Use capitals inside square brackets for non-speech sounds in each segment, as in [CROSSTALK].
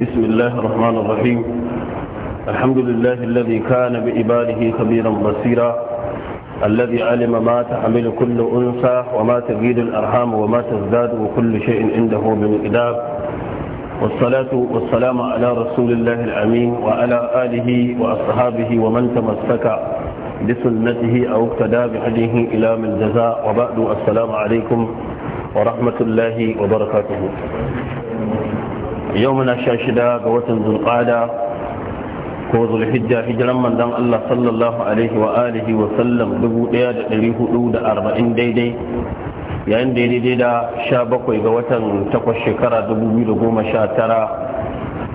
بسم الله الرحمن الرحيم الحمد لله الذي كان بإباله خبيرا بصيرا الذي علم ما تحمل كل أنثى وما تزيد الأرحام وما تزداد وكل شيء عنده بمقدار والصلاة والسلام على رسول الله الأمين وعلى آله وأصحابه ومن تمسك بسنته أو اقتدى بهديه إلى من جزاء وبعد السلام عليكم ورحمة الله وبركاته yau muna sha shida ga watan zulƙada ko zulhijja hijiran manzon Allah sallallahu alaihi wa alihi wa sallam 1440 daidai yayin da daidai da sha bakwai ga watan takwas shekara 2019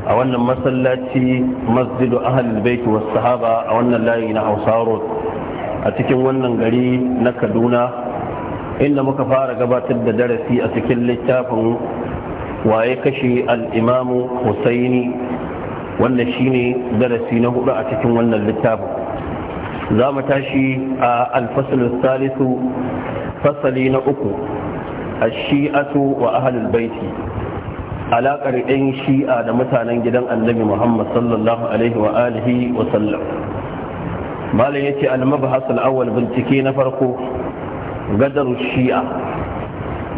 a wannan masallaci masjidu ahalul baiti wasu sahaba a wannan layi na hausa road a cikin wannan gari na kaduna inda muka fara gabatar da darasi a cikin littafin waye kashe al'imamu husaini wannan shine darasi na hudu a cikin wannan littafin za mu tashi a alfasalin salisu fasali na uku a shi'atu wa ahalul baiti alaƙar 'yan shi'a da mutanen gidan annabi muhammad sallallahu alaihi wa alihi wa sallam malam ya ce almaba hasul awal bincike na farko gadar shi'a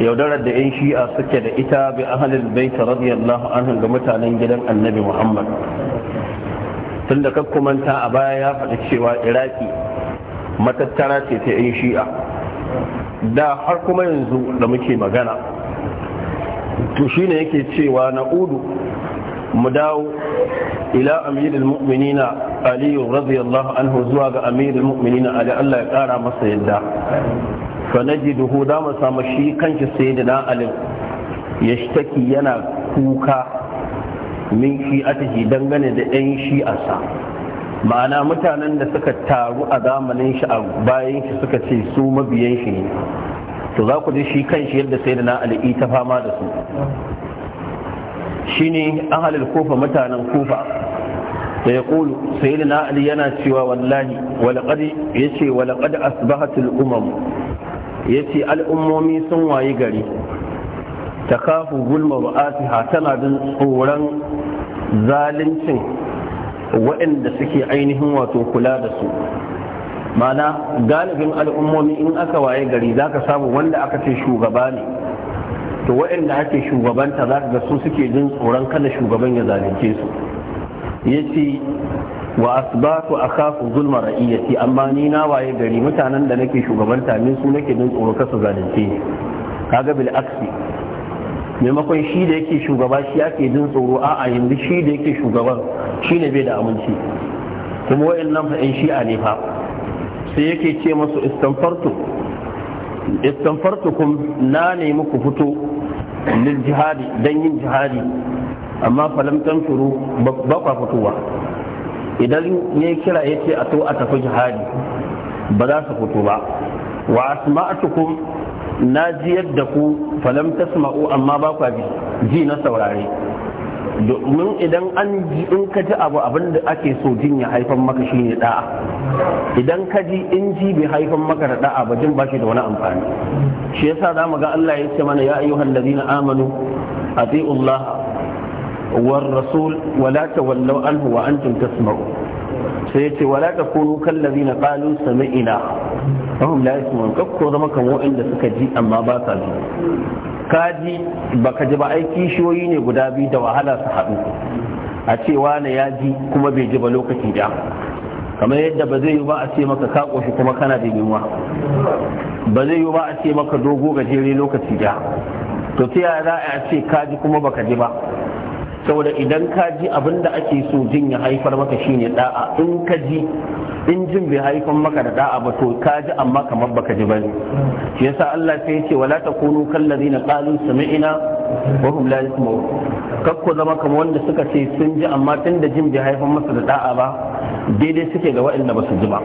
yaudarar da 'yan shi'a suke da ita bi ahalil baita radiyallahu anhu ga mutanen gidan annabi muhammad tun da kakkumanta a baya ya faɗi cewa iraki matattara ce ta 'yan shi'a da har kuma yanzu da muke magana to shine yake cewa na udu mu dawo ila amirul mu'minina aliyu radiyallahu anhu zuwa ga amirul mu'minina ali Allah ya kara masa yadda fa najiduhu da mu samu shi kanshi da sayyidina ali yashtaki yana kuka min shi'atihi dangane da yan sa. ma'ana mutanen da suka taru a zamanin shi a bayan shi suka ce su mabiyan shi ne to za ku ji shi kanshi yadda da ali ta fama da su shine ahalul kufa mutanen kufa da ya kulu da ali yana cewa wallahi walaqad yace walaqad asbahatul umam ya ce al'ummomi sun wayi gari ta kafu gulma ba'atiha tana da tsoron zalincin waɗanda suke ainihin wato kula da su mana galibin al'ummomi in aka waye gari za ka samu wanda aka ce shugaba ne to waɗanda ake shugabanta za ka ga su suke jin tsoron kada shugaban ya zalunce su ya ce wa asbatu akhafu zulma ra'iyati amma ni na waye gari mutanen da nake shugabanta min su nake jin tsoro kasu zalunce kaga bil aksi maimakon shi da yake shugaba shi ake jin tsoro a'a yanzu shi da yake shugaban shi ne bai da aminci kuma wayannan fa shi'a ne fa sai yake ce masu istanfartu na nemi ku fito lil jihadi dan yin jihadi amma falam turu ba fitowa idan ya kira ya ce a to a tafi jihadi ba za su fito ba wa asma'atukum na ji yadda ku falam tasma'u amma ba ku ji na saurare domin idan an ji in ka ji abu abin da ake so jin ya haifan maka shi ne da'a idan ka ji in ji bai haifan maka da da'a ba jin bashi da wani amfani shi yasa za mu ga Allah ya ce mana ya ayyuhan ladina amanu ati'u Allah والرسول ولا تولوا عنه وأنتم تسمعون سيأتي ولا تكونوا كالذين قالوا سمعنا وهم لا يسمعون كفكو ذمك وإن سكجي أما باطل kaji baka ji ba ai kishiyoyi ne guda biyu da wahala su a ce wane ya ji kuma bai ji ba lokaci da kamar yadda ba zai yi ba a ce maka ka koshi kuma kana da yunwa ba zai ce maka dogo gajere lokaci da to ta yaya za a ce ka ji kuma baka ji ba saboda idan ka ji abin da ake so jin ya haifar maka shine da'a in ka ji in jin bai haifar maka da da'a ba to ka ji amma kamar baka ji bane shi yasa Allah sai yace wala takunu kallazina qalu sami'na wa hum la yasma'u kakko zama kamar wanda suka ce sun ji amma tun da jin bai haifar masa da da'a ba daidai suke ga waɗanda ba su ji ba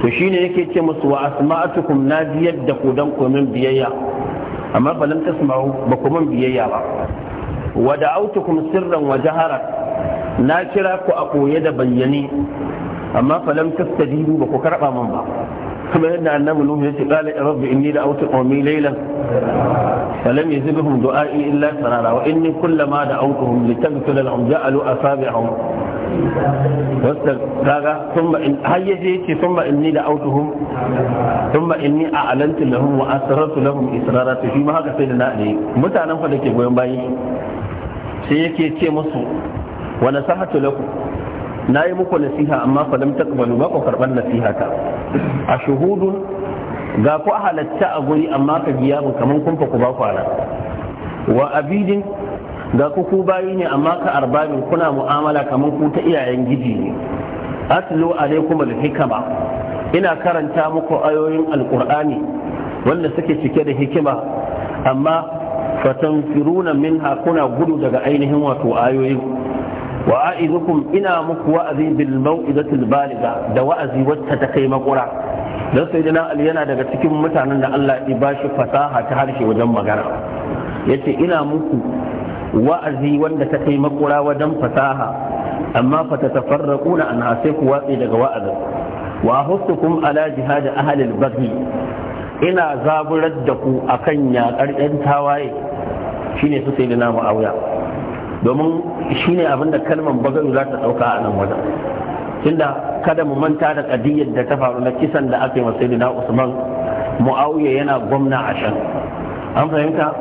to shine yake ce musu wa asma'atukum najiyat da ku dan komin biyayya amma balan tasma'u ba ku biyayya ba wa da'autukum sirran wa jahara na kira ku a koye da bayyane amma falam tastajibu ba ku karba man ba kuma yadda annabi nuhu yace qala rabbi inni da'awtu qawmi laylan falam yazidhum du'a'i illa sarara wa inni kullama da'awtuhum litaghfira lahum ja'alu asabi'ahum wasta kaga thumma in hayyaje yace thumma inni da'awtuhum thumma inni a'lantu lahum wa asrartu lahum israra to shi ma haka sai da na ne mutanen fa dake goyon bayi sai yake ce musu wa nasahatu lakum na yi muku nasiha amma fa lam taqbalu ba ku karban nasiha ta a shuhudun ga ku halatta a guri amma ka biya mu kaman kun fa ku ba kwana wa abidin ga ku ku bayi ne amma ka arbabin kuna mu'amala kaman ku ta iyayen giji ne atlu alaikum alhikama ina karanta muku ayoyin alqur'ani wanda suke cike da hikima amma fatanfiruna minha kuna gudu daga ainihin wato ayoyin wa ina muku wa'azi bil mau'izatil baliga da wa'azi wacce ta kai makura dan sayyidina ali yana daga cikin mutanen da Allah ya bashi fasaha ta harshe wajen magana yace ina muku wa'azi wanda ta kai makura wajen fasaha amma fatatafarraquna an sai ku watsi daga wa'azin wa husukum ala jihad ahli al ina zaburar da ku akan yakar yan tawaye shine su sai da na auya domin shine abin da kalmar bagaru za ta ɗauka a nan wajen tunda kada mu manta da kadiyar da ta faru na kisan da aka yi wa sayyidina usman mu'awiya yana gwamna a shan an fahimta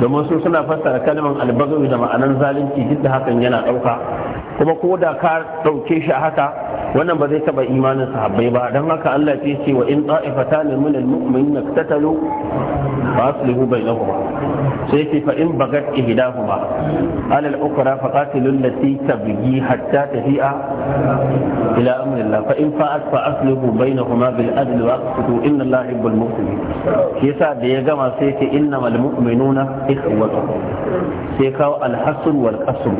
domin su suna fassara kalmar albagawi da ma'anan zalunci duk da hakan yana ɗauka kuma ko da ka ɗauke shi haka wannan ba zai taɓa imanin sahabbai ba don haka Allah ce ce wa in ta'ifata ne min al-mu'min yaktatalu fa aslihu bainahuma sai ce fa in bagat ihdahuma ala al-ukra fa qatilu allati tabghi hatta tafi'a ila amri Allah fa in fa'at fa aslihu bainahuma bil adl wa aqsitu inna Allah yuhibbul muqsitin yasa da ya gama sai ce innamal mu'minuna ikhwatu sai kawo al-hasr wal qasr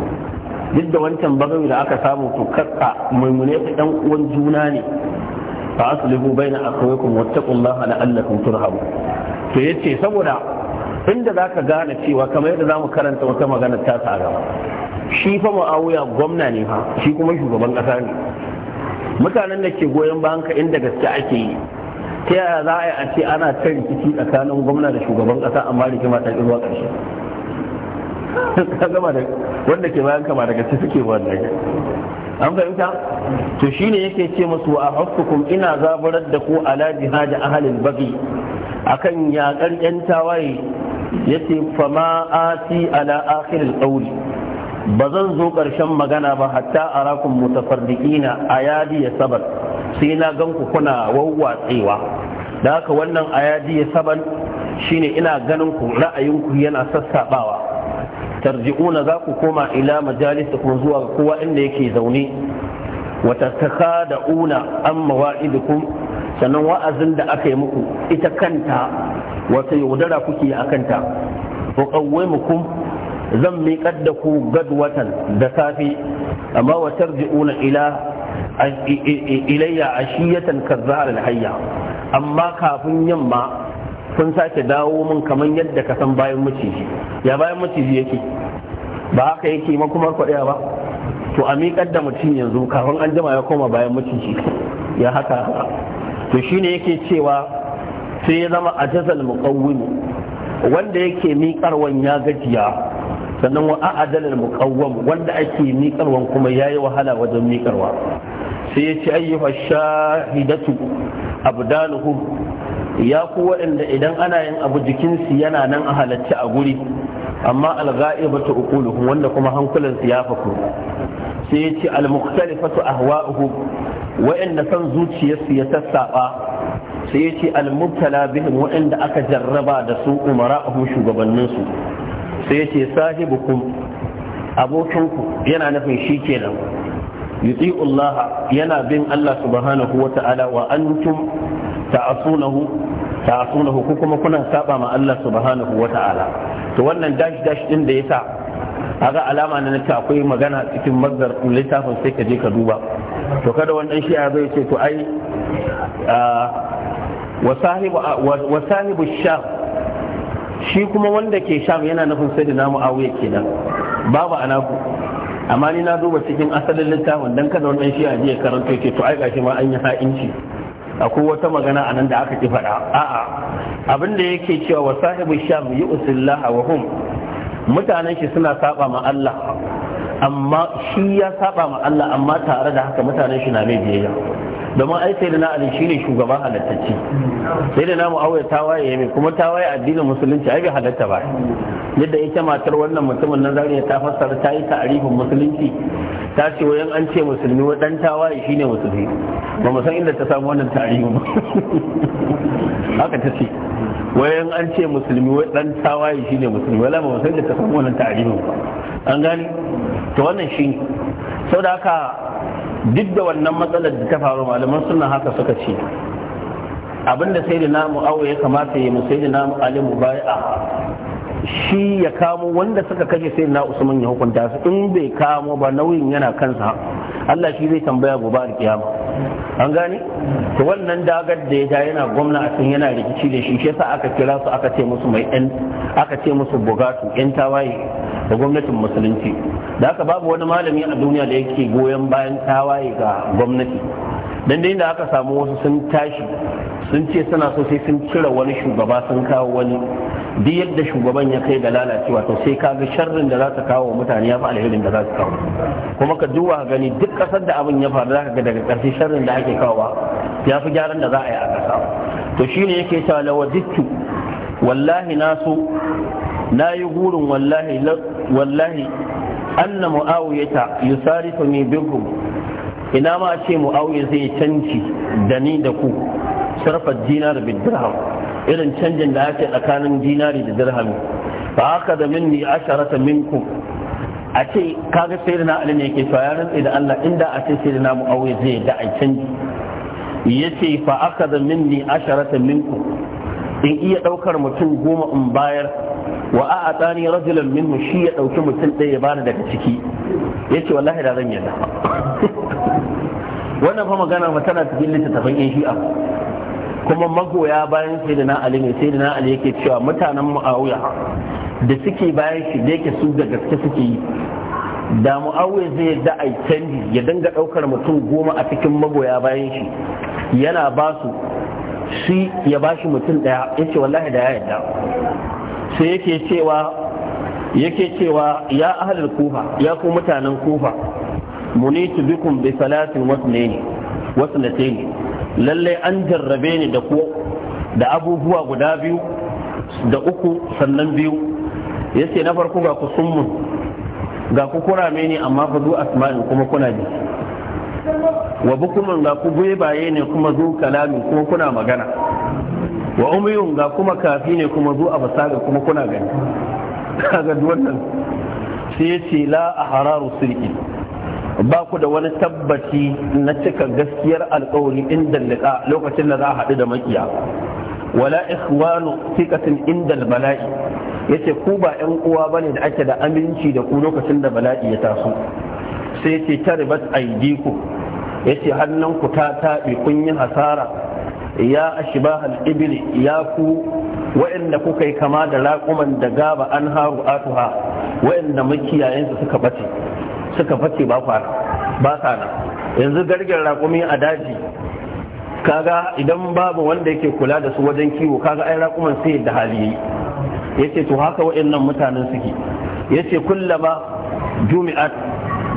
duk da wancan bagawi da aka samu to kakka ta dan uwan juna ne fa aslihu baina akhawaykum wattaqullaha la'allakum turhamu to yace saboda inda zaka gane cewa kamar yadda zamu karanta wata magana ta sa gaba shi fa muawiya gwamna ne fa shi kuma shugaban kasa ne mutanen da ke goyon bayan ka inda gaske ake yi ta yaya za a yi a ce ana ta rikici tsakanin gwamna da shugaban kasa amma rikima ta ƙirwa ƙarshe ta [LAUGHS] gama da wanda ke bayan kama daga ci suke wannan an fahimta to shine yake ce masu a hukukum ina zabarar da ku ala jihad Babi a akan yakar yan tawaye yace fama asi ala akhiril qawli ba zan zo ƙarshen magana ba hatta arakun mutafardiqina ayadi ya sabar sai na gan ku kuna wawwatsewa da haka wannan ayadi ya saban shine ina ganin ku ra'ayin yana sassaɓawa. tarji'una za ku koma ila kuma zuwa ga kowa inda yake zaune wa tatakada'una an kum sannan wa'azin da aka yi muku ita kanta wata yaudara kuke a kanta wa qawwaimukum zan miƙar da ku gadwatan da safe amma wa tarji'una ila ilayya ashiyatan kazzar alhayya amma kafin yamma kun sake dawo mun kamar yadda ka san bayan maciji ya bayan maciji yake ba haka yake ma kuma kwaɗaya ba to a miƙar da mutum yanzu kafin an jima ya koma bayan maciji ya haka to shine yake cewa sai ya zama ajazal muqawwim wanda yake miƙarwan ya gajiya sannan wa a'adalal muqawwam wanda ake miƙarwan kuma yayi wahala wajen miƙarwa sai ya ce ayyuha shahidatu abdanuhum ya ku waɗanda idan ana yin abu jikinsu yana nan a halarci a guri amma alga'ibatu uquluhum wanda kuma hankulansu ya faku sai ya ce almukhtalifatu ahwa'uhum waɗanda san zuciyarsu ya sassaɓa sai ya ce almubtala bihim waɗanda aka jarraba da su umara'uhum su, sai ya ce sahibukum abokinku yana nufin shi kenan yuti'ullaha yana bin Allah subhanahu wa ta'ala wa antum ta'asunahu ta'asunahu ko kuma kuna saba ma Allah subhanahu wata'ala to wannan dash dash din da yasa kaga alama ne ta akwai magana cikin mazhar littafin sai ka je ka duba to kada wannan shi ya zai ce to ai wa sahibu wa sahibu sham shi kuma wanda ke sham yana nufin sai da namu awuya kenan babu anaku amma ni na duba cikin asalin littafin dan kada wannan shi ya je karanto ce to ai gashi ma an yi ha'inci akwai wata magana a nan da aka ki faɗa a'a abin da yake cewa wa sahibu sham usillah wa hum mutanen shi suna saba ma Allah amma shi ya saba ma Allah amma tare da haka mutanen shi na mai biyayya domin ai sai da na ali shine shugaban halattacci sai da na mu'awiya tawaye mai kuma tawaye addinin musulunci ai bai halatta ba yadda ita matar wannan mutumin na zariya ta fassara ta yi ta'arifin musulunci ta ce wayan an ce musulmi wa dan tawaye shine musulmi ba mu san inda ta samu wannan ta'arifin ba [LAUGHS] haka ta ce wayan an ce musulmi wa dan tawaye shine musulmi wala ba mu san inda ta samu wannan ta'arifin ba an gani to wannan shi saboda haka duk da wannan matsalar da ta faru malaman suna haka suka ce abinda sai da namu awo ya kamata ya mu sai da namu alimu bai'a shi ya kamo wanda suka kashe sai na usman ya hukunta su in bai kamo ba nauyin yana kansa Allah shi zai tambaya gobe a kiyama an gane to wannan dagar da ya ja yana gwamna a cikin yana rikici da shi shi yasa aka kira su aka ce musu mai yan aka ce musu bugatu yan tawaye da gwamnatin musulunci da haka babu wani malami a duniya da yake goyon bayan tawaye ga gwamnati dan da aka samu wasu sun tashi sun ce suna so sai sun cire wani shugaba sun kawo wani duk yadda shugaban ya kai da lalacewa to sai ka ga sharrin da za ta kawo mutane ya fi alherin da za su kawo kuma ka duba gani duk ƙasar da abin ya faru zaka ga daga ƙarshe sharrin da ake kawo ya fi gyaran da za a yi a ƙasa to shine yake cewa lawadittu wallahi na so na yi gurin wallahi wallahi anna mu'awiyata yusarifu ni bikum ina ma ce mu'awiyata zai canci da ni da ku sarfa dinar bil dirham irin canjin da ake tsakanin dinari da dirhami fa haka da minni asharata minkum a ce kaga sai na ali ne yake fa ya rantsi da Allah inda a ce sai na muawiya zai da a canji yace fa aka da minni asharata minkum in iya daukar mutum goma in bayar wa a atani rajulan minhu shi ya dauki mutum ɗaya ya bani daga ciki yace wallahi da zan yarda [LAUGHS] wannan fa magana fa tana cikin littafin yan shi'a kuma magoya bayan sayyidina ali ne sayyidina ali yake cewa mutanen muawiya da suke bayan shi da yake su da gaske suke yi da muawiya zai da a canji ya dinga daukar mutum goma a cikin magoya bayan shi yana ba su shi ya ba shi mutum daya yace wallahi da ya yadda sai yake cewa yake cewa ya ahlul kufa ya ku mutanen kufa munitu bikum bi salatin wasnayn ne. lalle an jarrabe ni da ko da abubuwa guda biyu da uku sannan biyu yace na farko ga ku summun ga ku kurame ne amma fa zu asma'in kuma kuna ji wa bukumin ga ku baye ne kuma zu kalamin kuma kuna magana wa umiyun ga kuma kafi ne kuma zu abasara kuma kuna gani kaga wannan sai yace la ahararu sirki ba ku da wani tabbaci na cika gaskiyar alkawari inda liƙa lokacin da za a haɗu da makiya wala ikhwanu thiqatin inda bala'i yace ku ba ƴan uwa bane da ake da aminci da ku lokacin da bala'i ya taso sai yace taribat aidiku yace hannun ku ta taɓe kun yi hasara ya ashbahal ibli ya ku wa'anda kuka yi kama da raƙuman da gaba an haru atuha wa'anda makiyayensu suka bace suka face ba fara ba sa nan yanzu gargen raƙumi a daji kaga idan babu wanda yake kula da su wajen kiwo kaga ai raƙuman sai da hali yace to haka waɗannan mutanen suke yace kullama jumi'at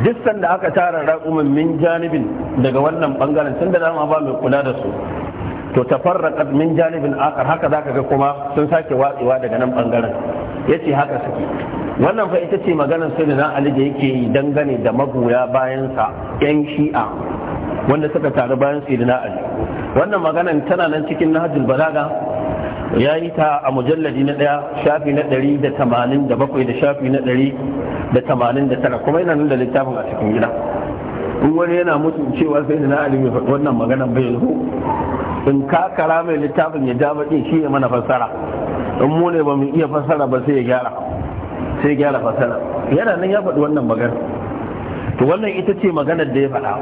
duk sanda aka tara raƙuman min janibin daga wannan bangaren da dama ba mai kula da su to tafarraqat min janibin akar haka zaka ga kuma sun sake watsewa daga nan bangaren yace haka suke wannan fa ita ce maganar sai na ali da yake dangane da magoya bayansa yan shi'a wanda suka taru bayan sai na ali wannan maganar tana nan cikin nahajul balaga ya yi ta a mujalladi na daya shafi na ɗari da tamanin da bakwai da shafi na ɗari da tamanin da tara kuma yana nan da littafin a cikin gida in wani yana mutu cewa sai na ali wannan maganar bai zo in ka kara mai littafin ya ja baƙi shi ya mana fassara in mu ne ba mu iya fassara ba sai ya gyara sai gyara fasara yana nan ya faɗi wannan magana to wannan ita ce maganar da ya faɗa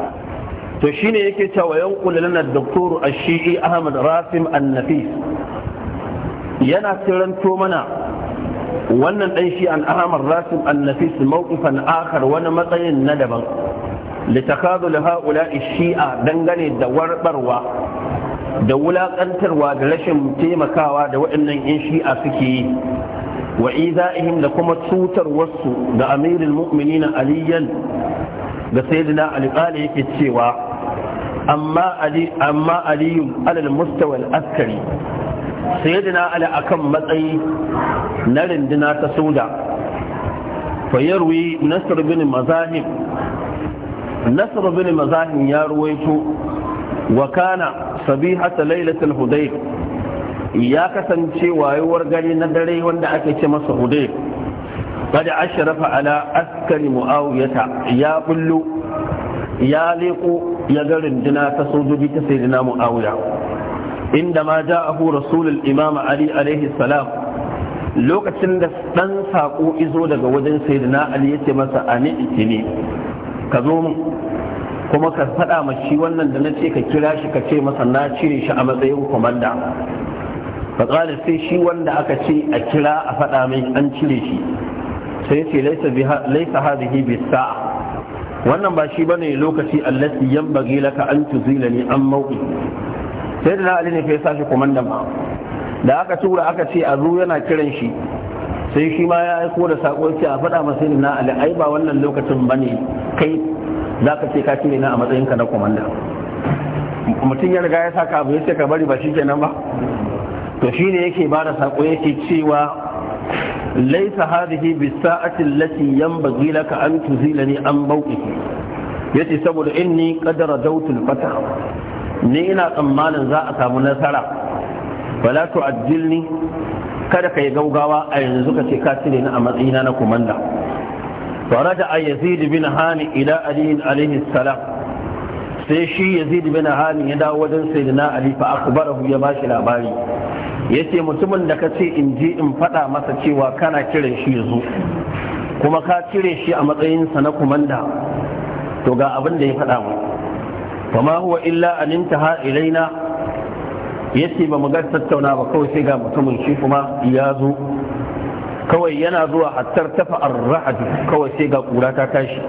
to shine yake cewa yan kulalana doktor ashi'i ahmad rasim annafis yana tiranto mana wannan dan shi an ahmad rasim annafis mawqifan akhar wani matsayin na daban litakadu li ha'ula'i shi'a dangane da warbarwa da wulakantarwa da rashin taimakawa da waɗannan yan shi'a suke yi wa iza'ihim da kuma cutar wasu da amirin mu'minin aliyan da sayyidina ali yake cewa amma ali amma aliyun alal mustawa al askari sayyidina ali akan matsayi na rinduna ta soda fa yarwi nasr bin mazahib nasr bin mazahib ya ruwaito wa kana sabihata lailatul hudayr ya kasance wayewar gari na dare wanda ake ce masa Hude. hudayb ya أشرف ya أسكر ya يا بلو ta sojoji ta saidina جنا Inda ma معاوية عندما جاءه رسول Imam Ali عليه salam lokacin da ɗan sako izo daga wajen sayyidina Ali yace masa ani itini ka zo min kuma ka faɗa mashi wannan da nace ka kira shi ka ce masa na cire shi a matsayin komanda faƙali sai shi wanda aka ce a kira a faɗa mai an cire shi sai ce laisa hadhihi bi sa'a wannan ba shi bane lokaci allati yanbaghi laka an tuzilani an mauki sai da ali ne fa ya sashi komandan ba da aka tura aka ce a zo yana kiran shi sai shi ma ya aiko da sako ce a faɗa masa na ali ai ba wannan lokacin bane kai zaka ce ka cire na a matsayinka na komanda mutum ya riga ya saka abu ya ce ka bari ba shi kenan ba to yake ba da sako yake cewa laisa hadhihi bisa'ati allati yanbaghi laka an ni an bauqiki yace saboda inni qadara dautul fatah ni ina tsammanin za a samu nasara wala tu'ajjilni kada kai gaugawa a yanzu ka ce ka cire ni a matsayina na kumanda فرجع يزيد بن هاني إلى علي عليه السلام sai shi yazid bin hani ya dawo wajen sayyidina ali fa ya bashi labari yace mutumin da ka ce in je in faɗa masa cewa kana kiran shi ya zo kuma ka cire shi a matsayinsa na kumanda to ga abin da ya faɗa mu huwa illa an intaha ilaina yace ba mu ga tattauna ba kawai sai ga mutumin shi kuma ya zo kawai yana zuwa hattar tafa arrahadu kawai sai ga kura ta tashi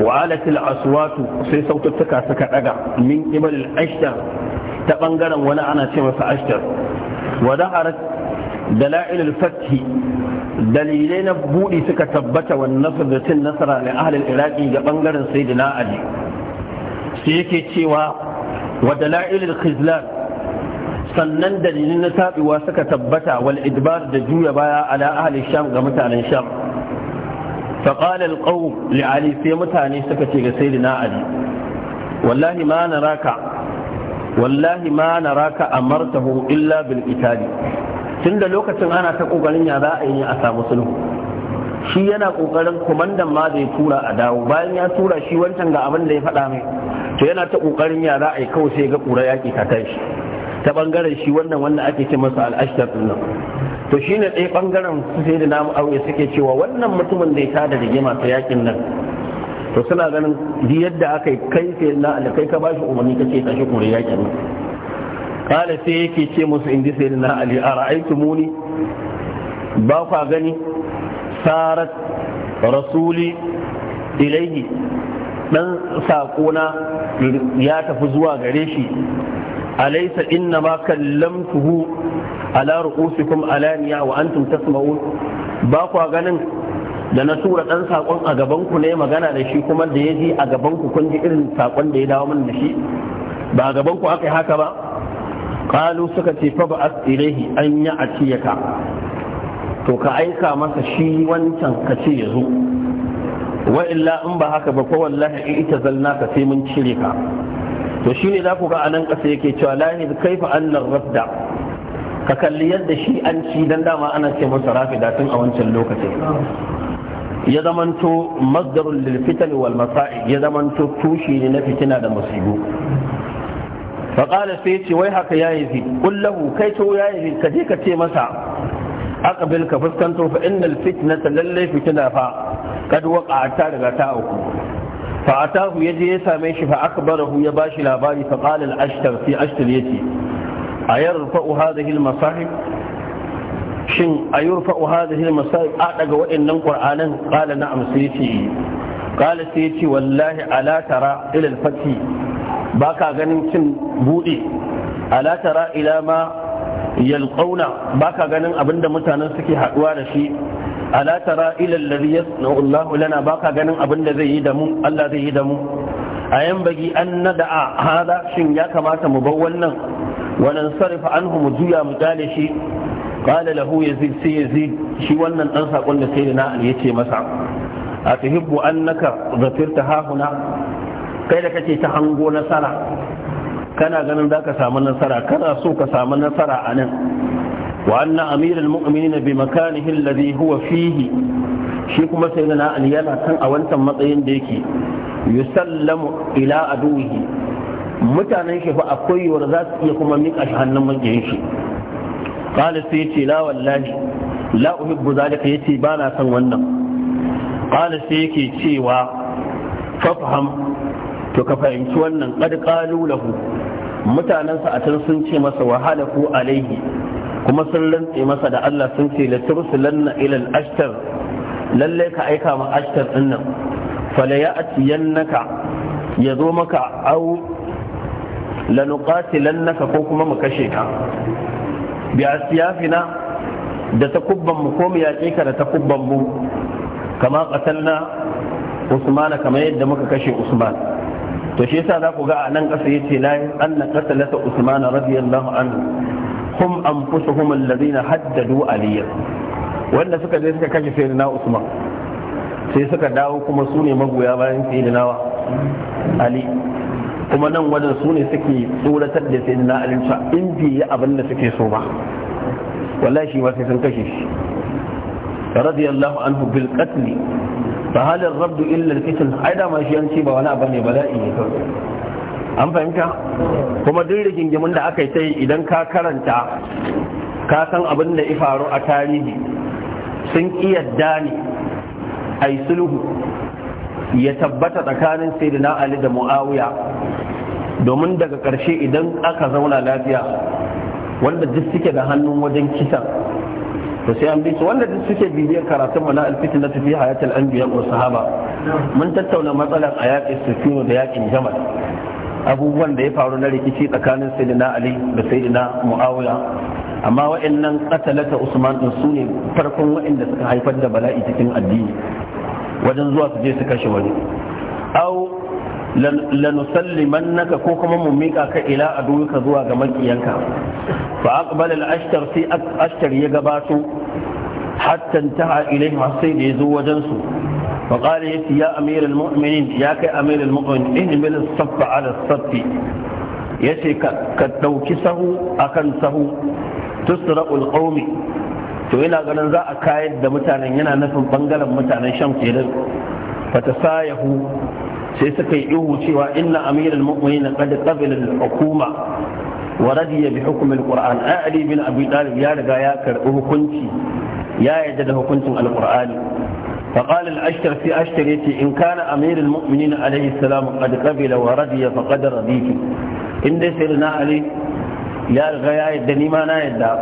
wa alatil aswatu sai saututtuka suka daga min imal ashtar ta ɓangaren wani ana ce masa ashtar wa da'arat dalailul fathi dalilai na buɗi suka tabbata wa nasar cin nasara ne ahalin iraki ga ɓangaren sai da na'adi sai yake cewa wa dala'ilil khizlan sannan dalilin na taɓiwa suka tabbata wal idbar da juya baya ala ahalin sham ga mutanen sham faƙalar ƙau li'ali sai mutane suka ce ga sai da na'adi ma na raka wallahi ma a amartahu illa bil qitali tunda lokacin ana ta kokarin ya za a yi a samu sulhu shi yana kokarin kumandan ma zai tura a dawo bayan ya tura shi wancan ga abin da ya faɗa mai to yana ta ƙoƙarin ya za a yi kawai sai ga kura yaƙi ta tashi ta ɓangaren shi wannan wanda ake ce masa al'ashtar din nan to ne ɗaya bangaren su sai da namu aure suke cewa wannan mutumin da ya tada rigima ta yaƙin nan to suna ganin ji yadda aka yi kai sai na kai ka bashi umarni ka ce tashi kore ya kenan kala sai yake ce musu in ji sai na ali a ra'aitu muni ba kwa gani sarat rasuli ilaihi dan sakona ya tafi zuwa gare shi alaysa inna ma kallamtuhu ala ru'usikum alaniya wa antum tasma'un ba kwa ganin da na tura ɗan saƙon a gabanku ne magana da shi kuma da ya ji a gabanku kun ji irin saƙon da ya dawo min da shi ba a gabanku aka yi haka ba kalu suka ce fa ba as an ya atiyaka to ka aika masa shi wancan ka ce ya zo wa illa in ba haka ba ko wallahi ita zalna ka sai mun cire ka to shine za ku ga anan kasa yake cewa lahi kaifa annar radda ka kalli yadda shi an ci dan dama ana ce masa rafida tun a wancan lokacin ya zamanto masdarun lil wal masa'i ya zamanto tushe ne na fitina da musibu faƙala sai ce wai haka ya yi kullahu kai to ya yi ka je ka ce masa aqbil ka fuskanto fa innal fitnata lallai fitina fa kad waqa ta riga ta auku fa atahu yaje ya same shi fa akbarahu ya bashi labari fa qala al ashtar fi ashtar yace ayarfa'u hadhihi al masahib shin a yurfa hadhihi al-masail a daga waɗannan qur'anan qala na'am sai ce. Ƙala sai ce wallahi ala tara ila al-fati baka ganin cin buɗe. ala tara ila ma ba ka ganin abinda mutanen suke haɗuwa da shi ala tara ila alladhi yasna'u Allah lana ka ganin abinda zai yi da mu Allah zai yi da mu A 'yan bagi an nada'a hada shin ya kamata mu bar wannan wa nansarifa anhu mu juya mu dale shi qala lahu yazid sai yazid shi wannan dan sakon da sayyidina ali yace masa atuhibbu annaka zafirta hahuna kai da kace ta hango nasara kana ganin zaka samu nasara kana so ka samu nasara a nan wa anna amiral mu'minina bi makanihi alladhi huwa fihi shi kuma sayyidina ali yana kan a wancan matsayin da yake yusallamu ila aduwihi mutanen shi fa akwai yiwuwar za su iya kuma miƙa shi hannun makiyin shi qala sai yace la wallahi la uhibbu zalika yace ba na san wannan qala sai yake cewa fafham to ka fahimci wannan qad qalu lahu mutanansa a sun ce masa wahala ko alaihi kuma sun rantse masa da Allah sun ce la tursilanna ila al-ashtar lalle ka aika ma ashtar din nan fala ya'tiyannaka yazo maka au lanuqatilannaka ko kuma mu kashe ka biya siyafina da takubban mu ko mu yaƙe ka da takubban mu kama qatalna usman kama yadda muka kashe usman to shi yasa za ku ga a nan ƙasa yace la anna qatalata usman radiyallahu anhu hum anfusuhum alladhina haddadu aliya wanda suka je suka kashe sayyidina usman sai suka dawo kuma su ne magoya bayan sayyidina ali kuma nan wajen su ne suke tsoratar da sai na alinsa in bi ya abin da suke so ba wallahi shi ma sai sun kashe shi radiyallahu anhu bil qatl fa hal ar-rabb illa al-qatl ai da ma shi an ce ba wani abu ne bala'i ne kawai an fahimta kuma duk rigingimin da aka yi ta idan ka karanta ka san abin da ya faru a tarihi sun ki yadda ne ai sulhu ya tabbata tsakanin sayyidina ali da muawiya domin daga ƙarshe idan aka zauna lafiya wanda duk suke da hannun wajen kisa to sai an bi su wanda duk suke bibiyar karatun mana alfitin na tafi hayatul anbiya wa sahaba mun tattauna matsalar a yaƙin sufino da yaƙin jamal abubuwan da ya faru na rikici tsakanin sayyidina ali da sayyidina muawiya amma wa'annan katalata usman din su ne farkon wa'anda suka haifar da bala'i cikin addini wajen zuwa su je su kashe wani au lanusallimannaka ko kuma mu mika ka ila aduka zuwa ga makiyanka fa aqbal al ashtar sai ashtar ya gabato hatta intaha ilayhi sai da yazo wajen su fa qala yati ya amir al mu'minin ya kai amir al mu'minin in min saff ala al yace ka dauki sahu akan sahu tusra qaumi to ina ganin za a kayar da mutanen yana nufin bangaren mutanen sham kenan fatasayahu sai suka yi ihu cewa inna amiral mu'minin qad qabila al-hukuma wa radiya bi hukm quran ai ali bin abi talib ya riga ya karbi hukunci ya yadda da hukuncin al-qur'ani فقال الأشتر في أشتريتي إن كان أمير المؤمنين عليه السلام قد قبل ورضي فقد رضيت إن سيرنا علي يا الغياء الدني ما نايدا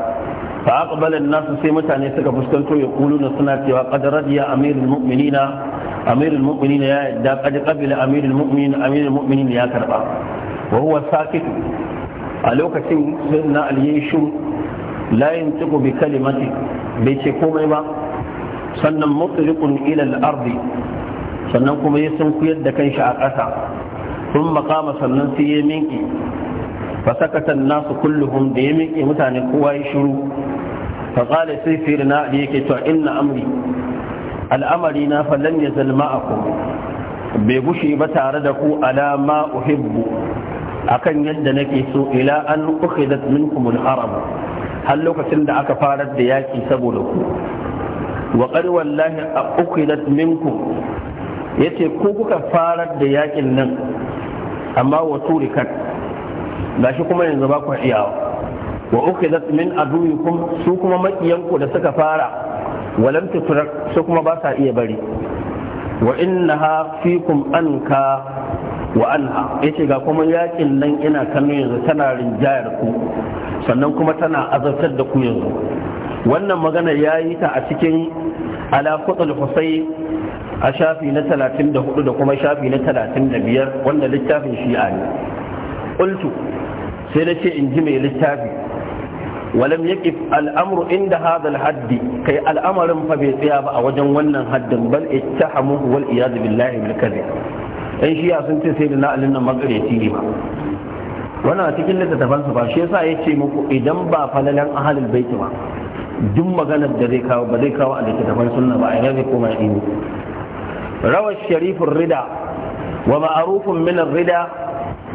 fa aqbala an-nas sai mutane suka fuskanto ya kuluna suna cewa qad radiya amirul mu'minina amirul mu'minina ya da qad qabila amirul mu'minin amirul mu'minin ya karba wa huwa sakit a lokacin sunna al-yishu la yantiqu bi kalimati bai ce komai ba sannan mutliqun ila al-ardi sannan kuma ya sun kuyar da kanshi a ƙasa sun makama sannan sai ya minki sakatan nasu kulluhum da ya minki mutane kowa ya shiru فقال سيفرنا a inna Amri, al'amari na fallon ya zalma a ku bai bushe ba tare da ku alama uhibbu akan yadda nake so ila an uku da minkumul haram har lokacin da aka farar da yaƙi saboda ku wa wallahi a uku da minkum ya ce ko kuka farar da yaƙin nan amma wa turikan gashi kuma yanzu ba ku iyawa wa ukhidat min aduwikum su kuma makiyanku da suka fara walam tutrak su kuma ba sa iya bari wa innaha fikum anka wa anha yace ga kuma yakin nan ina kallo yanzu tana rinjayar ku sannan kuma tana azabtar da ku yanzu wannan magana yayi ta a cikin alaƙutul husayn a shafi na 34 da kuma shafi na 35 wanda littafin shi'a ne qultu sai da ce in ji mai littafi walam yaqif al'amru inda hadha al-hadd kai al'amarin fa bai tsaya a wajen wannan haddin bal ittahamu wal iyad billahi bil kadhib dan shi sun ce sai da na alin nan magareci ne ba wannan a cikin littattafan ba shi yasa ya ce muku idan ba falalan ahlul baiti ba duk maganar da zai kawo ba zai kawo a littattafan sunna ba a yana zai yi ilimi rawar rida wa ma'arufin minar rida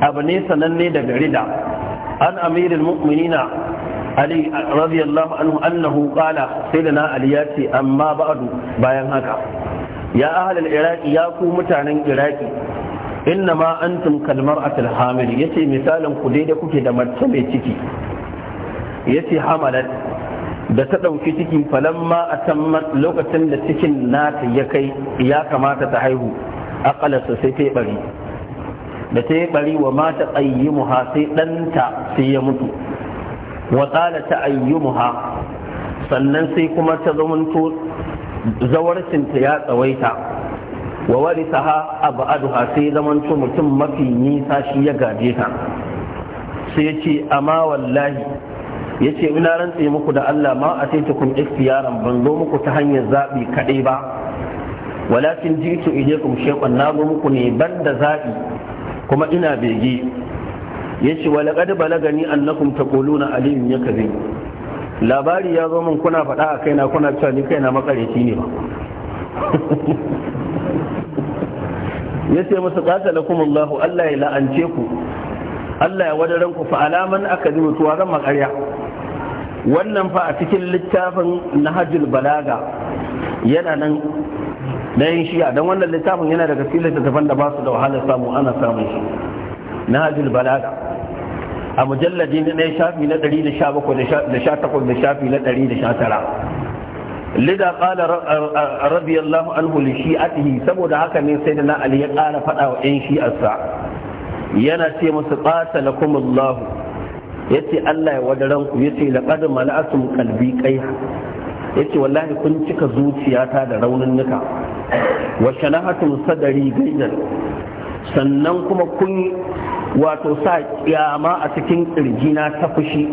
abu ne sananne daga rida an amirin mu'minina ali radiyallahu anhu annahu qala sayyidina ali ya ce amma ba'du bayan haka ya ahlal iraki ya ku mutanen iraki inna ma antum kalmar atil hamil yace misalin ku daidai kuke da mace mai ciki yace hamalat da ta ɗauki cikin falamma a tammat lokacin da cikin nata ya kai ya kamata ta haihu akalarsa sai ta bari da ta yi bari wa mata ƙayyimu ha sai ɗanta sai ya mutu Watsala ta ta ayyumuha sannan sai kuma ta zamanto zawarcinta ya tsawaita wa warisaha aduha sai zamanto mutum mafi nisa shi ya gaje ta sai ya ce amma wallahi ya ce ina rantse muku da Allah ma a sai tukun ikhtiyaran ban zo muku ta hanyar zaɓi kaɗai ba walakin jitu ilaikum shay'an na zo muku ne ban da zaɓi kuma ina bege yace wa laqad balagani annakum taquluna ya yakzib labari ya zo min kuna faɗa a kaina kuna cewa ni kaina makareci ne ba [LAUGHS] ce musu qatalakum Allah Allah ya la'ance ku Allah ya wadaran ku fa aka akadimu mutuwa zan makarya wannan fa a cikin littafin na nahajul balaga yana nan dayan shiya don wannan littafin yana daga cikin littattafan da ba su da wahalar samu ana samun shi Na nahajul balaga a mujalladi na ɗaya shafi na 117 da da shafi na 119 lida kala radiyallahu anhu li shi'atihi saboda haka ne sai da na ali ya kara faɗa wa ƴan shi'arsa yana ce musu qatalakum Allah ce Allah ya wadaran ku yace laqad kalbi qalbi Ya ce wallahi kun cika zuciyata da raunin nuka wa shanahatum sadari gaidan sannan kuma kun wato sa kyama a cikin kirjina ta fushi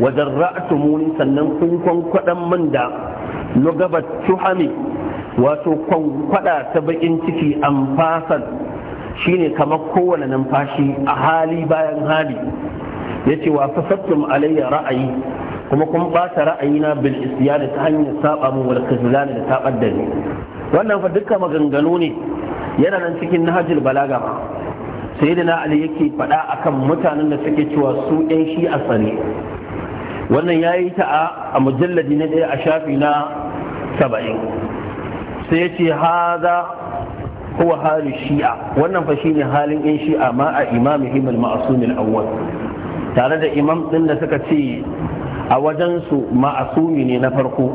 wajen ra'atumuni sannan kun kwankwaɗan min da lugabar tuhami wato kwankwaɗa ta bakin ciki an shi shine kamar kowane numfashi a hali bayan hali ya ce wa fasattum alayya ra'ayi kuma kun ɓata ra'ayina bil isyani ta hanyar saba min wal kizlani da tabar da wannan fa dukkan maganganu ne yana nan cikin nahajul balaga sayyidina ali yake faɗa akan mutanen da suke cewa su ɗan shi a tsare wannan ya yi ta a mujalladi na ɗaya a shafi na saba'in sai ya ce haza huwa hali shi'a wannan fa shine halin yan shi'a ma a Imam al-ma'sum awwal tare da imam ɗin da suka ce a wajensu ma'asumi ne na farko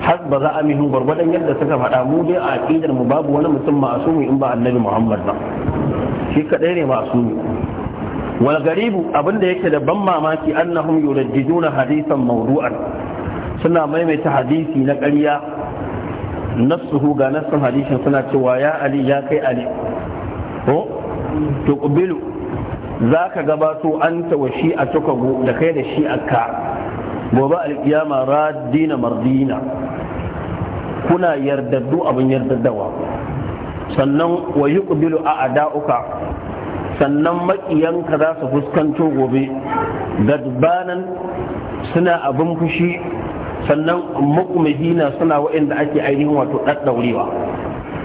hasba za a mihin gwargwadon yadda suka faɗa mu dai a aƙidar mu babu wani mutum ma'asumi in ba annabi muhammad ba shi kadai ne masu wal garibu abinda yake da ban mamaki annahum yurajjiduna hadisan mawdu'an suna maimaita hadisi na ƙarya nassuhu ga nassun hadisin suna cewa ya ali ya kai ali ko za zaka gabato anta wa shi a tukagu da kai da shi akka gobe alkiyama raddina mardina kuna yardaddu abin yardaddawa sannan wa a a'da'uka sannan maƙiyanka za su fuskanto gobe dubanan suna abin fushi sannan mukumihina suna waɗanda ake ainihin wato ɗaɗɗaurewa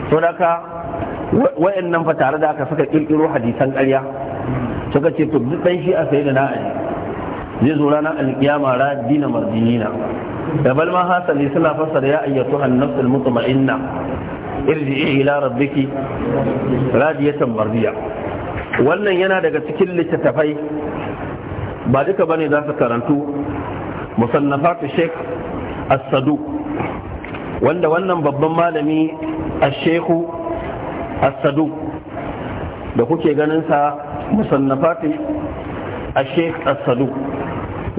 so da ka waɗannan fa tare da aka suka ƙirƙiro hadisan ƙarya suka ce to duk ɗan shi a sai da na'aji zai zo ranar alƙiyama dina marjinina da balma hasali suna fassara ya ayyatu hannafsul ma'inna irji'i ila rabbiki radiyatan mardiya wannan yana daga cikin littattafai ba duka bane za su karantu musannafatu sheikh as-sadu wanda wannan babban malami as-sheikhu as-sadu da kuke ganin sa musannafatu as-sheikh as-sadu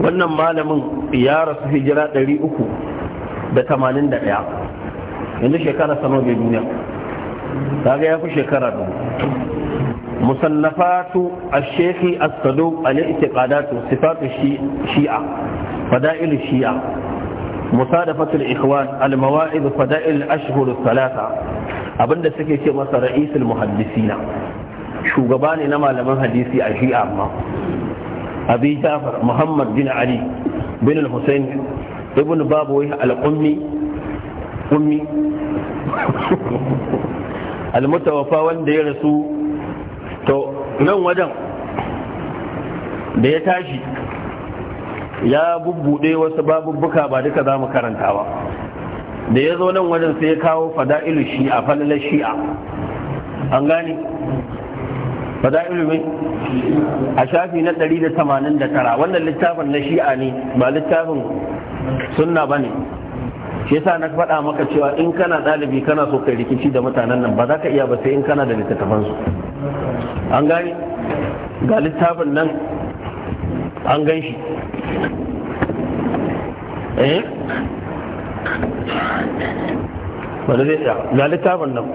wannan malamin ya rasu hijira 381 yanzu shekara sama bai duniya kaga ya fi shekara a shekhi a sado a ne ita kadatu sifatu shi'a fada'il shi'a musadafatul ikhwan almawa'id fada'il ashhur thalatha abinda suke ce masa ra'isul muhaddisina shugaba ne na malaman hadisi a shi'a amma abi jafar muhammad bin ali bin al-husayn ibn babu al-qummi ummi almutawafa wanda ya rasu to nan wajen da ya tashi ya bubbude wasu babubbuka ba duka za mu karanta ba da ya zo nan wajen sai ya kawo fada'ilu shi'a falalar shi'a an gani fada'ilu mai a shafi na 189 wannan littafin na shi'a ne ba littafin sunna ba ne shi yasa na faɗa maka cewa in kana ɗalibi kana so kai rikici da mutanen nan ba za ka iya ba sai in kana da littattafan su an gani ga littafin nan an gan shi eh wani zai tsaya ga littafin nan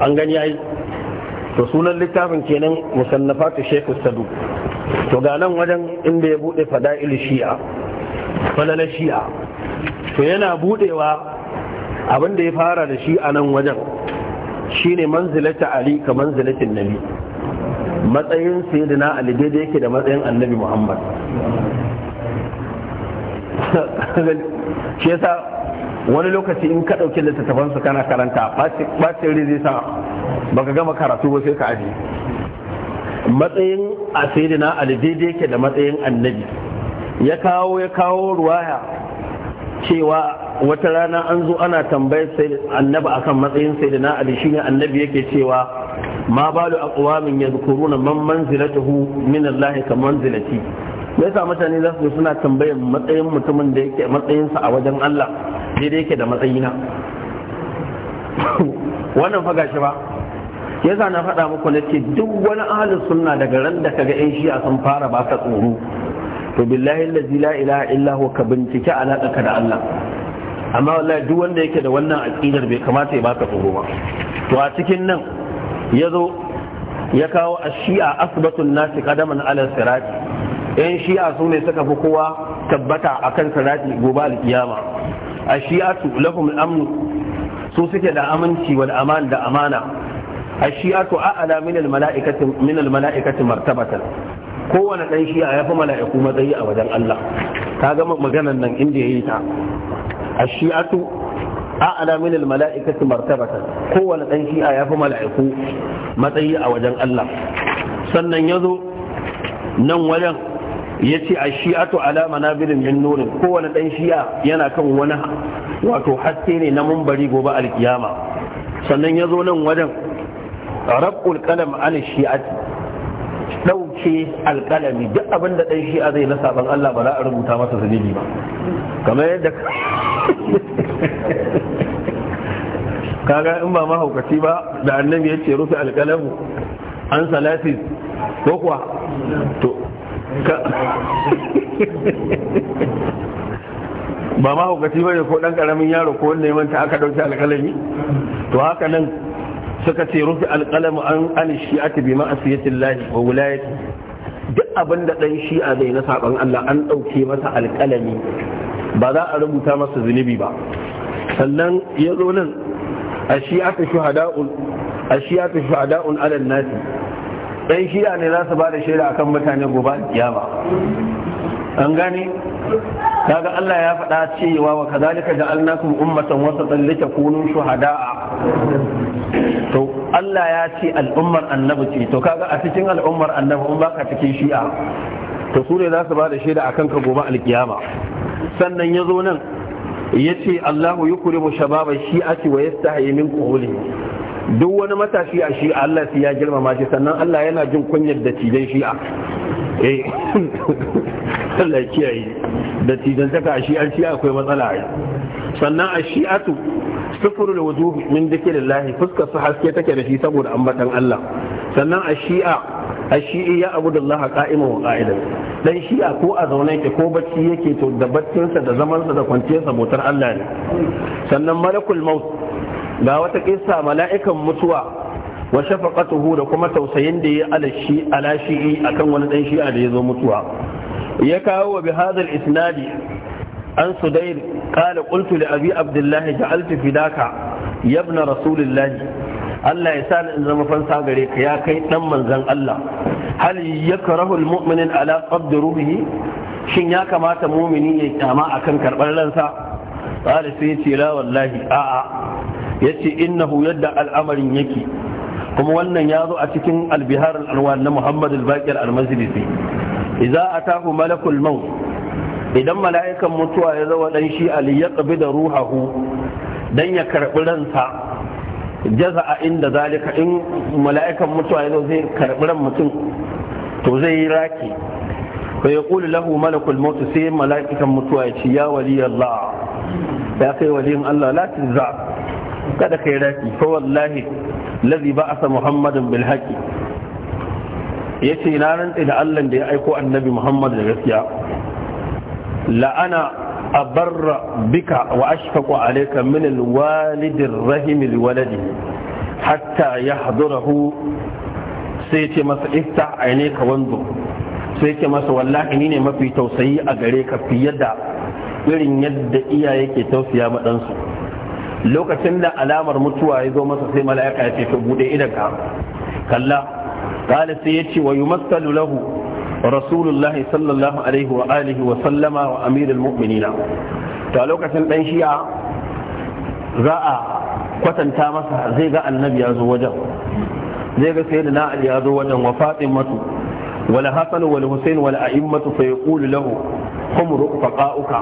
an gani yayi to sunan littafin kenan musannafatu shekhu sadu to ga nan wajen inda ya bude fada'il shi'a falalar shi'a to yana budewa abin da ya fara da shi a nan wajen shine manzilata ali ka manzilatin nabi matsayin sayyidina ali daidai yake da matsayin annabi muhammad shi yasa wani lokaci in ka ɗauki littattafansu su kana karanta bacin rizi sa baka gama karatu ba sai ka aji matsayin a sayyidina ali daidai yake da matsayin annabi ya kawo ya kawo ruwaya cewa wata rana an zo ana tambayar sai annabi akan matsayin sai da na ali shine annabi yake cewa ma balu aqwamin yadhkuruna man manzilatuhu min Allah ka manzilati me yasa mutane za su suna tambayar matsayin mutumin da yake matsayin sa a wajen Allah daidai yake da matsayina wannan fa gashi ba yasa na faɗa muku na ce duk wani ahli sunna daga ran da kaga yan shi'a sun fara baka tsoro to billahi allazi la ilaha illa huwa ka bincike alaƙa da Allah amma wallahi duk wanda yake da wannan aqidar bai kamata ya baka tsoro ba to a cikin nan ya zo ya kawo ashi'a asbatun nasi qadaman ala sirati yan shi'a su ne suka fi kowa tabbata akan sirati gobe alkiyama ashi'atu lahum al-amn su suke da aminci wal aman da amana ashi'atu Shi'atu min al-mala'ikati min al-mala'ikati martabatan kowane ɗan shi a yafi mala'iku matsayi a wajen Allah ta gama maganan nan inda ya yi ta a shi'atu a alamin mala'ikatu martabatan kowane ɗan shi a yafi mala'iku matsayi a wajen Allah sannan ya zo nan wajen ya ce a shi'atu ala manabirin min nurin kowane ɗan shi'a yana kan wani wato haske ne na mumbari gobe alkiyama sannan ya zo nan wajen rabul kalam an shi'ati ce alƙalami duk abin da ɗan shi'a zai na saban Allah ba za a rubuta masa zunubi ba kamar yadda kaga [LAUGHS] in ba mahaukaci ba da annabi ya ce rufe alƙalamu an salafi ko kuwa to [LAUGHS] ba mahaukaci ba ne ko ɗan ƙaramin yaro ko wanda ya manta aka ɗauki alƙalami to haka nan suka ce rufe alƙalamu an alishi shi'ati bi ma'asiyatin lahi wa wulayati duk abin da ɗan shi'a zai na saɓon Allah an ɗauke masa alƙalami ba za a rubuta masa zunubi ba sannan ya zo nan a shi'ata shuhada'un a shi'ata shuhada'un alal nasi ɗan shi'a ne za su ba da shaida kan mutane gobe kiyama an gane kaga Allah ya faɗa cewa wa kazalika ja'alnakum ummatan wasatan litakunu shuhada'a to Allah ya ce al'ummar annabi ce to kaga a cikin al'ummar annabi in ka cikin shi'a to sure za su ba da shaida akan ka gobe alkiyama sannan ya zo nan ya ce Allahu yukrimu shababa shi'ati wa yastahi min qawli duk wani matashi a shi'a Allah ya girmama shi sannan Allah yana jin kunyar da shi'a eh Allah kiyaye da tidan taka shi an shi akwai matsala ai sannan a shi'atu sufurul wujuh min fuskar su haske take da shi saboda ambatan Allah sannan a shi'a a shi'i ya abu da abudullah qa'iman wa qa'idan dan shi'a ko a zaune yake ko bacci yake to da baccinsa da zamansa da kwanciyarsa motar Allah ne sannan malakul maut ga wata kissa mala'ikan mutuwa wa shafaqatuhu da kuma tausayin da ya alashi alashi akan wani dan shi'a da ya zo mutuwa ya kawo wa bi hadal isnadi an sudayr qala qultu li abi abdullah ja'altu fidaka ya ibn rasulillah Allah ya sani in zama fansa gare ka ya kai dan manzon Allah hal yakrahu almu'minin ala qabd ruhihi shin ya kamata mumini ya kyama akan karbar ransa qala sai ce la wallahi a'a yace innahu yadda al'amarin yake kuma wannan ya zo a cikin albihar al'anwan na muhammad al-baqir al-mazlisi idza atahu malakul maut idan mala'ikan mutuwa ya zawa dan shi ali ya da ruhahu dan ya karbi ransa jaza a inda zalika in mala'ikan mutuwa ya zo zai karbi ran mutum to zai yi raki fa yaqulu lahu malakul maut sai mala'ikan mutuwa ya ce ya wali Allah ya kai waliyin Allah la tuzza kada kai raki fa wallahi ladhi ba'atha muhammadan bil ya yace na rantsa da Allah da ya aiko annabi Muhammad da gaskiya la'ana barra bika wa ashfaqu alayka min al rahim al waladi hatta yahdurahu sai ce masa ifta ka wanzu sai ce masa wallahi ni ne mafi tausayi a gare ka fiye da irin yadda iyaye ke tausaya ma ɗansu lokacin da alamar mutuwa ya zo masa sai mala'ika ya ce ka bude idan ka kalla kala sai ya ce wa yi yumassalu lahu rasulullah sallallahu alaihi wa alihi wa sallama wa amirul mu'minina to lokacin dan shi'a za a kwatanta masa zai ga annabi ya zo wajen zai ga sai sayyidina ali ya zo wajen wa fatimatu wal hasan wal husain wal a'immatu fa yaqulu lahu hum ruqaqa'uka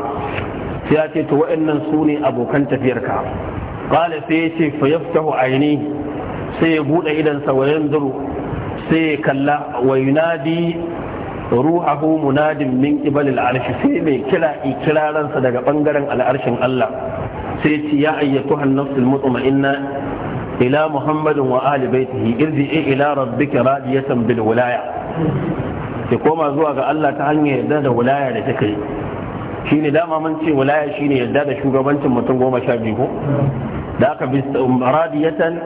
sai ya ce to wa'annan su ne abokan tafiyarka qala sai ya ce fa yaftahu aini sai ya bude idansa wa yanzuru sai ya kalla wa yunadi ruhahu munadin min qibal al-arshi sai mai kira sa daga bangaren al'arshin Allah sai ya ce ya ayyatuha an-nafsul mutma'inna ila muhammadin wa ali baitihi irji ila rabbika radiyatan bil wilaya ki koma zuwa ga Allah ta hanyar yarda da wilaya da take yi shine dama mun ce wilaya ne yadda da shugabancin mutum goma sha biyu da aka bi um, radiyatan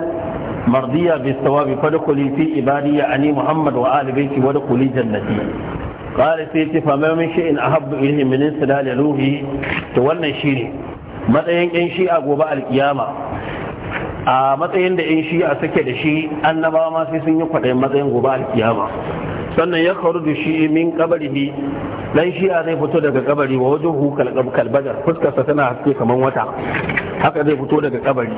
mardiya bi sawabi fa dukuli fi ibadiyya. ani muhammad wa ali baiti wa dukuli jannati qala sai ce fa shi in ahabbu ilayhi min sadal ruhi to wannan shi ne. matsayin yan shi'a gobe alkiyama a matsayin da yan shi'a suke da shi annabawa ma sai sun yi kwaɗayin matsayin gobe alkiyama sannan ya karu da shi min kabarihi dan shiya zai fito daga kabari wa wajen hukal kalbadar fuskarsa tana haske kamar wata haka zai fito daga kabari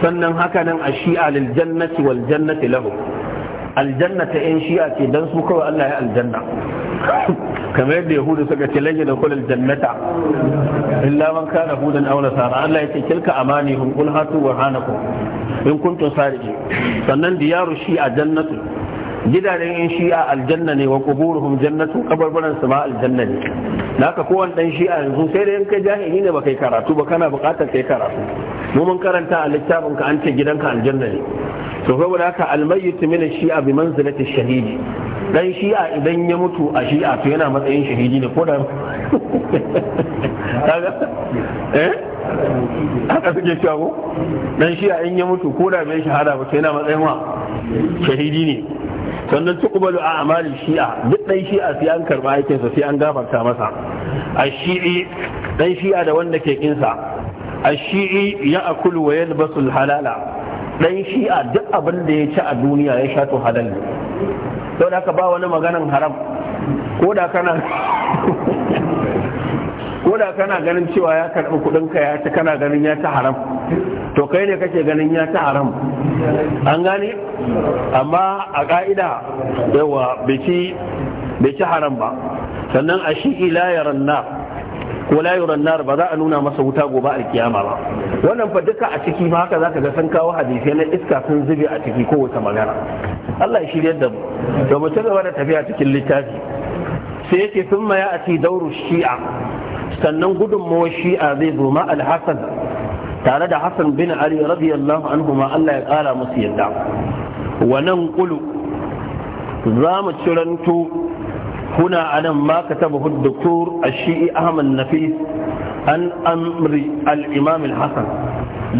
sannan haka nan a shi'a lil jannati wal jannati lahu Aljannata ta yan shi'a ce dan su kawai Allah ya aljanna [LAUGHS] kamar yadda yahudu suka ce lan yadkhul aljannata illa man kana hudan aw nasara Allah ya ce "Kilka tilka amanihum qul hatu wa hanakum in kuntum sariqin sannan diyaru shi'a jannatu gidajen yin shi'a aljanna ne wa quburuhum jannatu kabarbaran su ma aljanna ne naka kowan dan shi'a yanzu sai da yanka jahili ne baka karatu ba kana bukatar kai karatu mu mun karanta a littafin ka an ce gidanka aljanna ne to saboda haka almayyit min shi'a bi manzilati shahidi dan shi'a idan ya mutu a shi'a to yana matsayin shahidi ne ko da [LAUGHS] kaga eh haka suke cewa ko dan shi'a in ya mutu ko da bai shahada ba to yana matsayin wa shahidi ne sannan tuqbalu a amalin shi'a duk ɗan shi'a sai an karɓi aikinsa sai an gafarta masa Ɗan shii ɗan shi'a da wanda ke kinsa A shii ya Kulu wa yalbasu halala Ɗan shi'a duk abin da ya ci a duniya ya sha to halal ne da ka ba wani maganan haram ko da kana koda kana ganin cewa ya karɓi kuɗinka ya ci kana ganin ya ta haram to kai ne kake ganin ya ta haram an gane amma a ƙa'ida yawa bai ci haram ba sannan a shi ko la yaranna ba za a nuna masa wuta gobe a kiyama ba wannan fa duka a ciki ma haka zaka ga san kawo hadisi na iska sun zube a ciki ko wata magana Allah ya shiryar da mu to mu ci gaba da tafiya cikin littafi sai yake sun ma ya a dauru shi'a sannan gudunmawar shi'a zai zo ma alhassan tare da hassan bin ali radiyallahu anhu ma allah ya kara musu yadda wannan kulu za mu ciranto kuna anan ma ka taba hudukur a shi'i ahmad nafis an amri al-imam al-hasan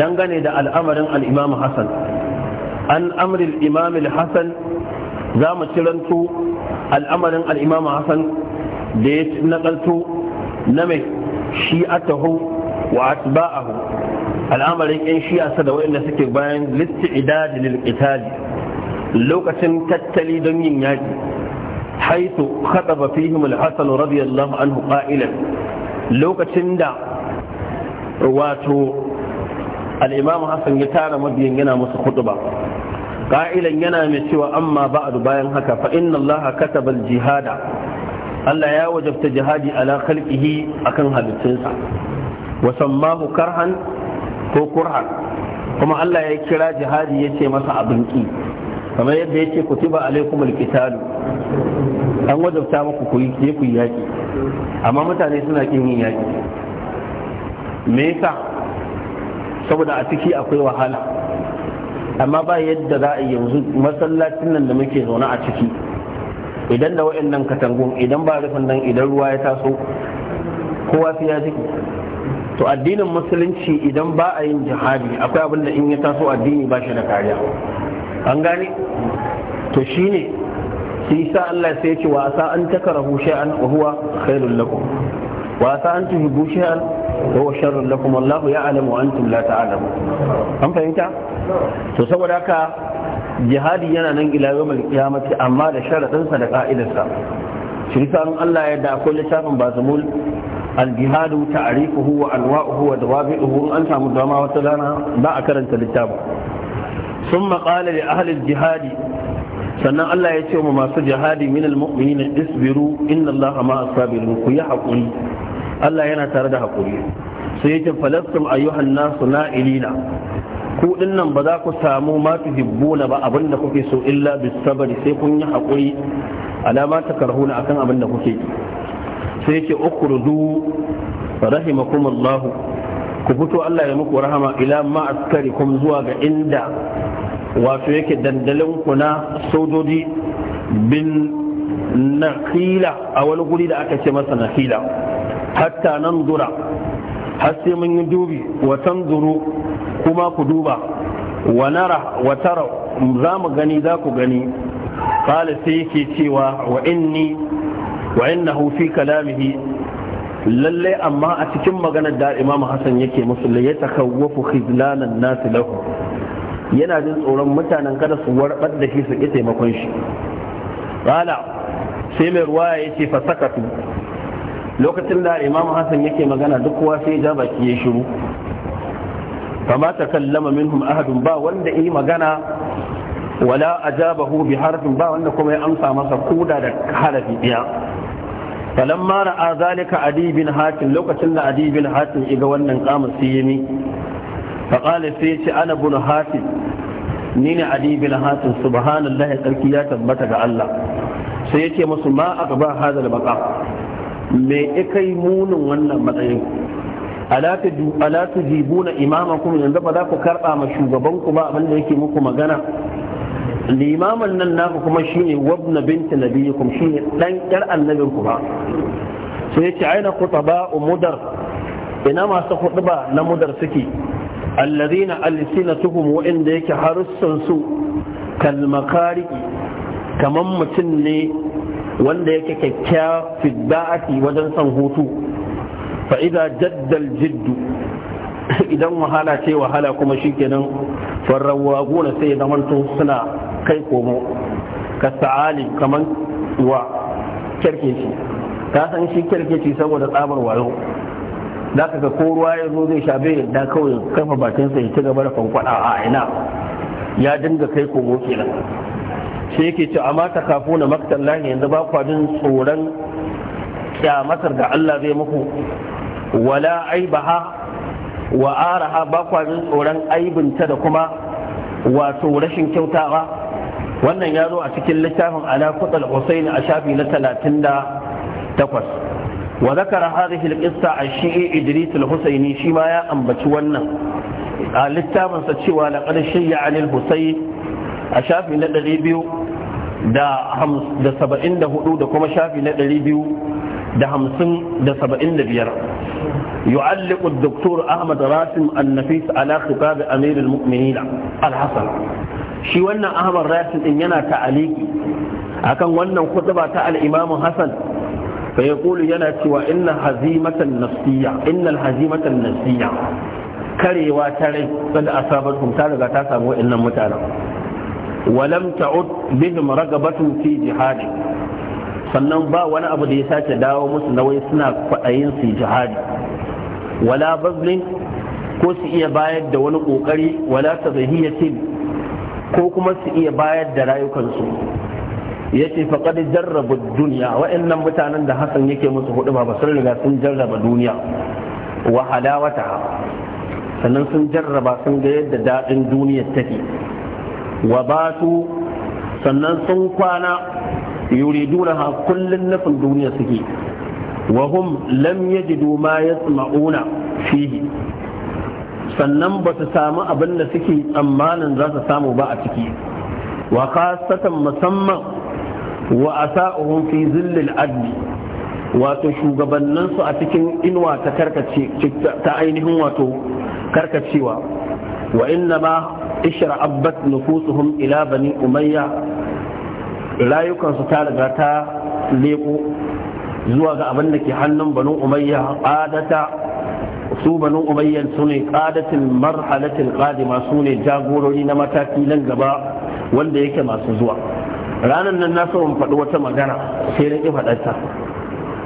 dangane da al'amarin al-imam hasan an amri al-imam al-hasan za mu ciranto al'amarin al-imam hasan da ya nakalto na mai shi'atahu wa atba'ahu al'amarin yan shi'arsa da waɗanda suke bayan listi'idadi lil qitali lokacin tattali don yin yaki haitu khadaba fihim al-hasan radiyallahu anhu qa'ilan lokacin da wato al-imam hasan ya tara mabiyan yana musu khutba qa'ilan yana mai cewa amma ba'du bayan haka fa inna allaha kataba al-jihada Allah ya wajabta jihadi ala khalqihi akan halittunsa wa sammahu karhan ko kurhan kuma Allah ya kira jihadi ya ce masa abin ki kamar yadda ya ce kutiba alaikum alqitalu an wajabta muku ku yi ku yaki amma mutane suna kin yin yaki me yasa saboda a ciki akwai wahala amma ba yadda za a yanzu masallacin nan da muke zaune a ciki idan da nan katangun idan ba rufin nan idan ruwa ya taso kowa sai ya jiki to addinin musulunci idan ba a yin jihadi akwai abin da in ya taso addini ba shi da kariya an gane to shi ne sai sa Allah sai ya ce wasa asa an takarahu shay'an wa huwa khairul lakum wasa an an tuhibbu shay'an wa huwa sharrul lakum wallahu ya'lamu wa antum la ta'lamun an fahimta to saboda haka jihadi yana nan ila yawmal qiyamati amma da sharadin sa da ka'idarsa shi Allah ya da akwai littafin bazamul al-jihadu ta'rifuhu wa anwa'uhu wa dawabi'uhu an samu dama wata rana ba a karanta littafin ثم قال لأهل jihadi. sannan Allah ya ce ma masu jihadi min na isbiru inna Allah ma asabirun ku yi hakuri Allah yana tare da hakuri sai yake falastum ayyuhan nasu na'ilina Kuɗin nan ba za ku samu ma tuhibbuna ba abinda kuke so illa bis sabri sai kun yi hakuri alama ta na akan abinda kuke sai yake ukhruju rahimakumullahu ku fito Allah ya muku rahama ila ma kum zuwa ga inda wato yake dandalin ku na sojoji bin nakila a wani guri da aka ce masa nakila hatta nan dura har sai mun yi dubi wa tanzuru kuma ku duba wa nara wa tara za mu gani za ku gani kala sai yake cewa wa inni wa innahu fi kalamihi lalle amma a cikin maganar da Imam Hassan yake musu ya takawwafu khizlanan nas lahu yana jin tsoron mutanen kada su warbar da shi su taimakon shi kala sai mai ruwaya ce fa sakatu lokacin da Imam Hassan yake magana duk kowa sai ya ja baki ya shiru fama takallama minhum ahadun ba wanda yi magana wala ajabahu bi harfin ba wanda kuma ya amsa masa koda da harafi ɗaya falamma ra'a zalika adi bin lokacin da adi bin hatim iga wannan kama siyini faƙali sai ya ce ana bin hatim ni ne adi bin hatim subhanallahi sarki ya tabbata ga Allah sai ya ce musu ma aka ba hadal baqa me ikai munin wannan matsayin ala tujibuna imamakum yanzu ba za ku karɓa ma shugabanku ba abinda yake muku magana limaman nan naku kuma shine wabna binti nabiyikum shine dan yar annabinku ba sai yace aina khutaba mudar ina masu khutba na mudar suke alladhina alsinatuhum wa inda yake harussan su kal kamar kaman mutum ne wanda yake kyakkyawa fi wajen san hutu fa'iza jaddal jiddu idan wahala ce wahala kuma shikenan farrawa gona sai ya zamanto suna kai komo ka sa'ali kaman wa kyarkeci ta san shi kyarkeci saboda tsabar wayo da ka ko ruwa ya zo zai sha bai kawai kafa bakinsa ya ci gaba da fankwada a ina ya dinga kai komo kenan sai yake ci amma ta kafo na maktallahi yanzu ba kwadin tsoron kyamatar da Allah zai muku wala aibaha wa araha ba kwamin tsoron aibinta da kuma wato rashin kyautawa wannan ya zo a cikin littafin ala kutsal husaini a shafi na talatin da takwas wa zakara hadhihi alqissa a shi'i idris al-husaini shi ma ya ambaci wannan a littafin sa cewa laqad shayya anil husayn a shafi na 200 da 74 da kuma shafi na 200 da hamsin da saba'in da biyar يعلق الدكتور أحمد راسم النفيس على خطاب أمير al الحسن shi wannan ahmad rasim din yana ta'aliki akan wannan khutba ta al-imam hasan fa yaqulu yana cewa inna hazimatan nafsiyya innal hazimatan nafsiyya karewa ta rai kada asabatum ta riga ta samu wa'annan mutanen walam ta'ud bihim ragabatu fi jihadi sannan ba wani abu da ya sake dawo musu na wai suna kwaɗayin su jihadi wala bazlin ko su iya bayar da wani ƙoƙari wala ta ko kuma su iya bayar da rayukansu ya ce faƙad jarraba duniya wa'annan mutanen da hassan yake musu hudu ba sun riga sun jarraba duniya wa halawata sannan sun jarraba sun ga yadda daɗin duniyar take wa batu sannan sun kwana yuriduna ha kullun nafin duniya suke wa hum lam yajidu ma sannan ba su samu abin da suke tsammanin za su samu ba a ciki wa khasatan musamman wa asa'uhum fi zillil adli wato shugabanninsu a cikin inuwa ta karkace ta ainihin wato karkacewa wa inna ma ishra abbat nufusuhum ila bani umayya rayukansu ta riga ta leko zuwa ga abin da ke hannun banu umayya qadata su banu umayya su ne kadatin marhalatin qadima su ne jagorori na mataki nan gaba wanda yake masu zuwa ranar nan na so in faɗi wata magana sai na ƙi faɗarta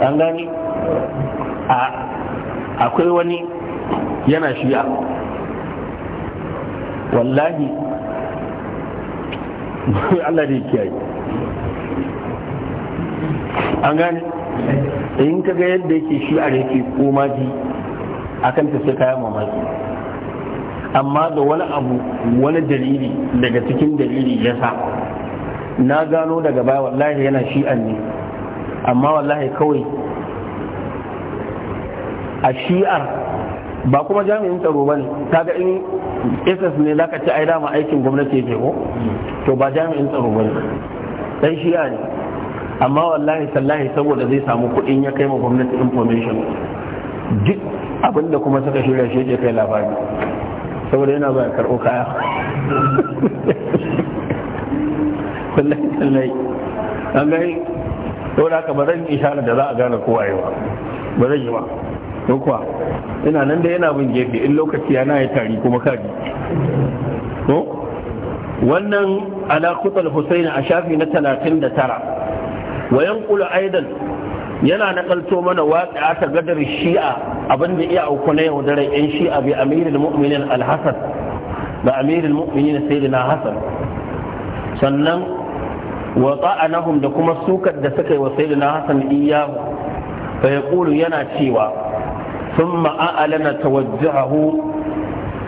an gani akwai wani yana shiya wallahi [LAUGHS] Allah da kiyaye an gane in ka ga yadda yake shi a yake ko maji akan ta sai kayan mamaki amma da wani abu wani dalili daga cikin dalili ya sa na gano daga baya wallahi yana an ne amma wallahi kawai a shi'ar ba kuma jami'in tsaro ba ne ta ga in ss ne zaka ci ai dama aikin gwamnati yake ko to ba jami'in tsaro ba ne dan ya ne amma wallahi sallahi saboda zai samu kuɗin ya kai ma gwamnati information duk abinda kuma suka shirya shi ya kai labari saboda yana ba karɓo kaya wallahi sallahi an gani saboda haka ba zan yi shara da za a gane kowa yi ba zan yi ba don kuwa ina nan da yana bin gefe in lokaci yana ya tari kuma kaji wannan ala Hussein a shafi na tara, wa yanqulu aidan yana nakalto mana waƙi'a ta gadar shi'a abinda iya auku na yau yan shi'a bi amirul mu'minin Alhassan hasan da amirul mu'minin sayyidina Hassan. sannan wa ta'anahum da kuma sukar da suka yi wa sayyidina hasan iyahu fa yaqulu yana cewa thumma a'lana tawajjahu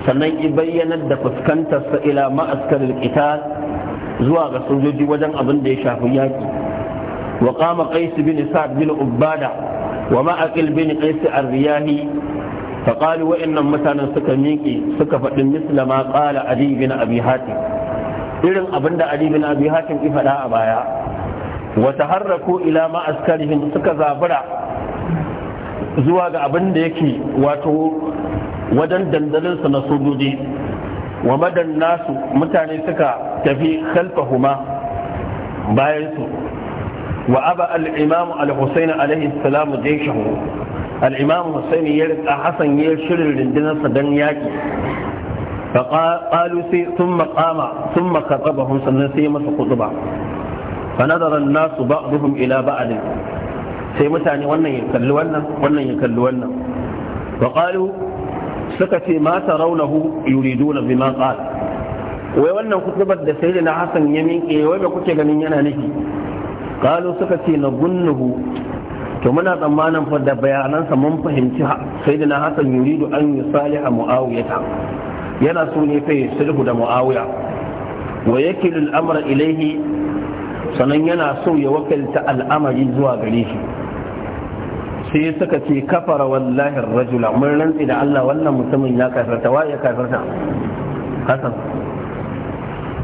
sannan i bayyanar da fuskantarsa ila ma'askar qital zuwa ga sojoji wajen abin da ya shafi yaƙi wa qama qais bin sa'd bin ubada wa ma'aqil bin qais ar-riyahi fa qalu wa innam mutanen suka miƙe suka faɗi misla ma qala ali bin abi hatim irin abin da ali bin abi hatim ya faɗa a baya wa taharraku ila ma'askarihim suka zabura zuwa ga abin da yake wato wajen dandalinsa na sojoji wa madan nasu mutane suka tafi khalfahuma bayan su wa aba al-imam al-husayn alaihi salam jayshahu al-imam husayn ya rika hasan ya shirin rindinarsa dan yaki فقالوا سي ثم قام ثم خطبهم سنن سي masa خطبه فنظر الناس بعضهم الى بعض sai mutane wannan ya kalli wannan wannan ya kalli wannan وقالوا suka ce ma na yuriduna bima qala wai wannan kutubar da sayyidina hasan ya miƙe wai me kuke ganin yana nufi kalu suka ce na gunnuhu to muna tsammanin fa da bayanansa mun fahimci sayyidina hasan yuridu an yusaliha muawiyata yana so ne fa sulhu da muawiya wa yakilu al-amra ilayhi sanan yana so ya wakilta al'amari zuwa gare shi sai suka ce kafara wallahi rajula mun rantsi da Allah wannan mutumin ya kafirta wa ya kafirta hasan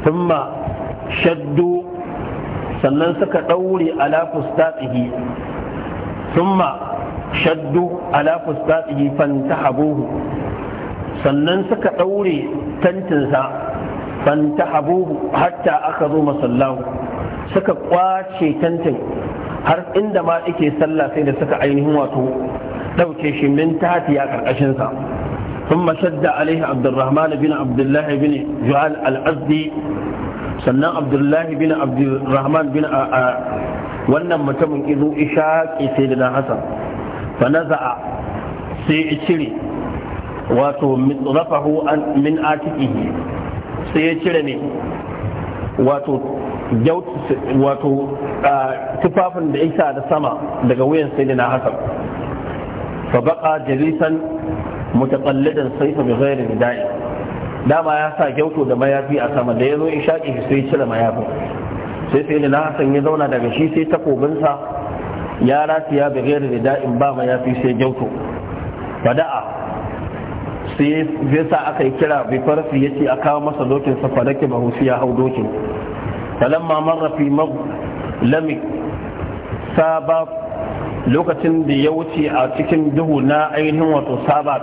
thumma shaddu sannan suka daure ala fustatihi thumma shaddu ala fustatihi fantahabuhu sannan suka daure tantinsa fantahabuhu hatta aka zo masallahu suka kwace tantin har inda ma yake sallah sai da suka ainihin wato ɗauke shi min tati a ƙarƙashinsa ثم mashadda عليه عبد الرحمن بن عبد الله بن جعل الأزدي سنة عبد الله بن عبد الرحمن wannan mutumin izo ishaƙi sai da hasan fa naza'a sai ya cire wato rafahu min atiqihi sai ya cire ne wato wato tufafin da isa da sama daga wuyan sai da na hasan fa baqa jalisan mutaqallidan sayfa bi ghairi da'i dama ya sa gyauto da mayafi a sama da yazo ishaqi sai cire mayafi sai sai da na hasan ya zauna daga shi sai takobinsa ya rafiya bi ghairi da'in ba mayafi sai gyauto fada'a sai zai sa aka yi kira bai farfi ya ce a kawo masa dokin sa falake ya hau dokin falamma marra fi maghlami saba lokacin da ya wuce a cikin duhu na ainihin wato saba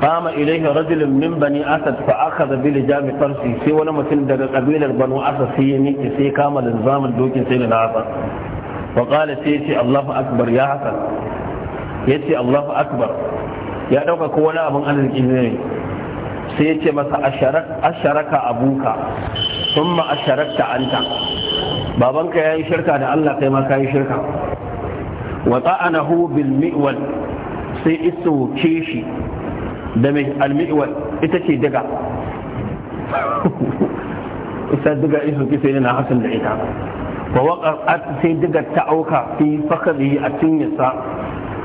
kama ilaihi rajulun min bani asad fa akhadha bi lijami farsi sai wani mutum daga kabilar banu asad sai ya miƙe sai kama linzamin dokin sai na hasan wa qala sai ya ce Allahu akbar ya hasan ya ce Allahu akbar ya abin arziki sai ya ce masa asharaka abuka sun ma asharakta anta babanka ya yi shirka da Allah kai ma ka yi shirka wata ta'anahu bil mi'wal sai isoke shi da mai almi'wal ita ce daga [LAUGHS] ita daga iso ki sai na hasan da ita wa waqa'at sai daga ta auka fi fakari a cinyarsa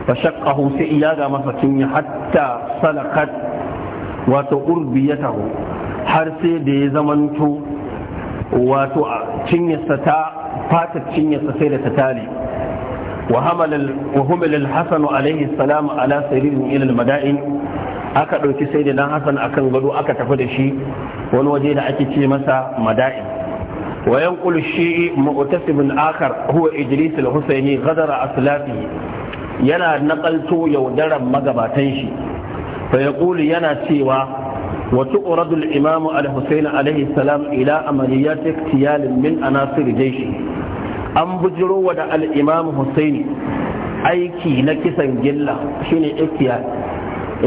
fa shaqqahu sai iyaga masa cinye hatta salakat wato taho, har sai da ya zamanto wato cinyarsa ta fatar cinyarsa sai da ta tare wa hamala al-hasan alaihi salam ala saririn ilal madain aka ɗauki sai da hasan akan gado aka tafi da shi wani waje da ake ce masa mada'in Wayan Kulu shi mu'tasibun akhar huwa idris al-husaini ghadara aslafihi yana nakalto yaudaran magabatan shi fa yaqulu yana cewa watu tu'radu al-imamu al-husayn alayhi salam ila amaliyat iktiyal min anasir jayshi an bujiro wa da al-imamu aiki na kisan gilla shine iktiyal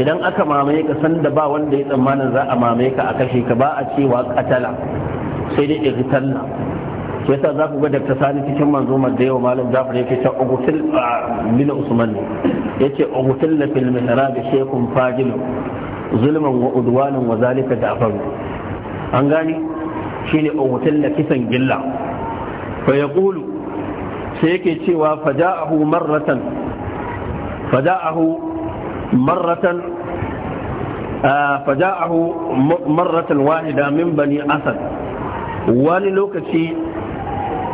idan aka mamaye ka san ba wanda ya tsammani za a mamaye ka a kashe ka ba a cewa katala sai dai iktalla shi yasa za ku ga da sani cikin manzumar da yawa malam jafar yake ta ugutul bin usman yace uhutilla fil mihrab shaykhun fajil zulman wa udwanan wa zalika da da'far an gani shine uhutilla kisan gilla fa yaqulu sai yake cewa faja'ahu marratan faja'ahu marratan faja'ahu marratan wahida min bani asad wani lokaci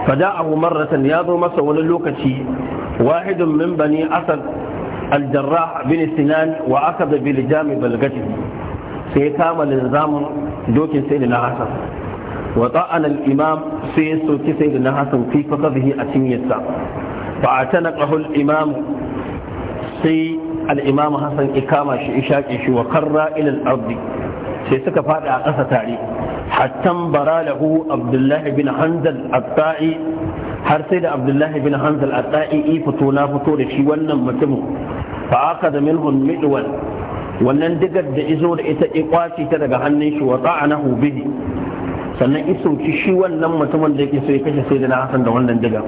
faja'ahu marratan ya zo masa wani lokaci wahidun min bani asad الجراح بن سنان وأخذ بلجام بلغته سيكام لنظام دوك سيدنا حسن وطعن الإمام سيسو سيدنا حسن في فقده أتميسا فاعتنقه الإمام سي الإمام حسن إقامة شئشاكش وقرى إلى الأرض سيسك فاتع قصة تاريخ حتى برا له عبد الله بن حنزل الطائي har sai da abdullahi bin hanzal a tsa'i i fito na fito da shi wannan mutumin fa aka da minhum midwan wannan digar da izo da ita ikwaci ta daga hannun shi wa ta'anahu bihi sannan isauki shi wannan mutumin da yake so ya kashe sai da na hasan da wannan digar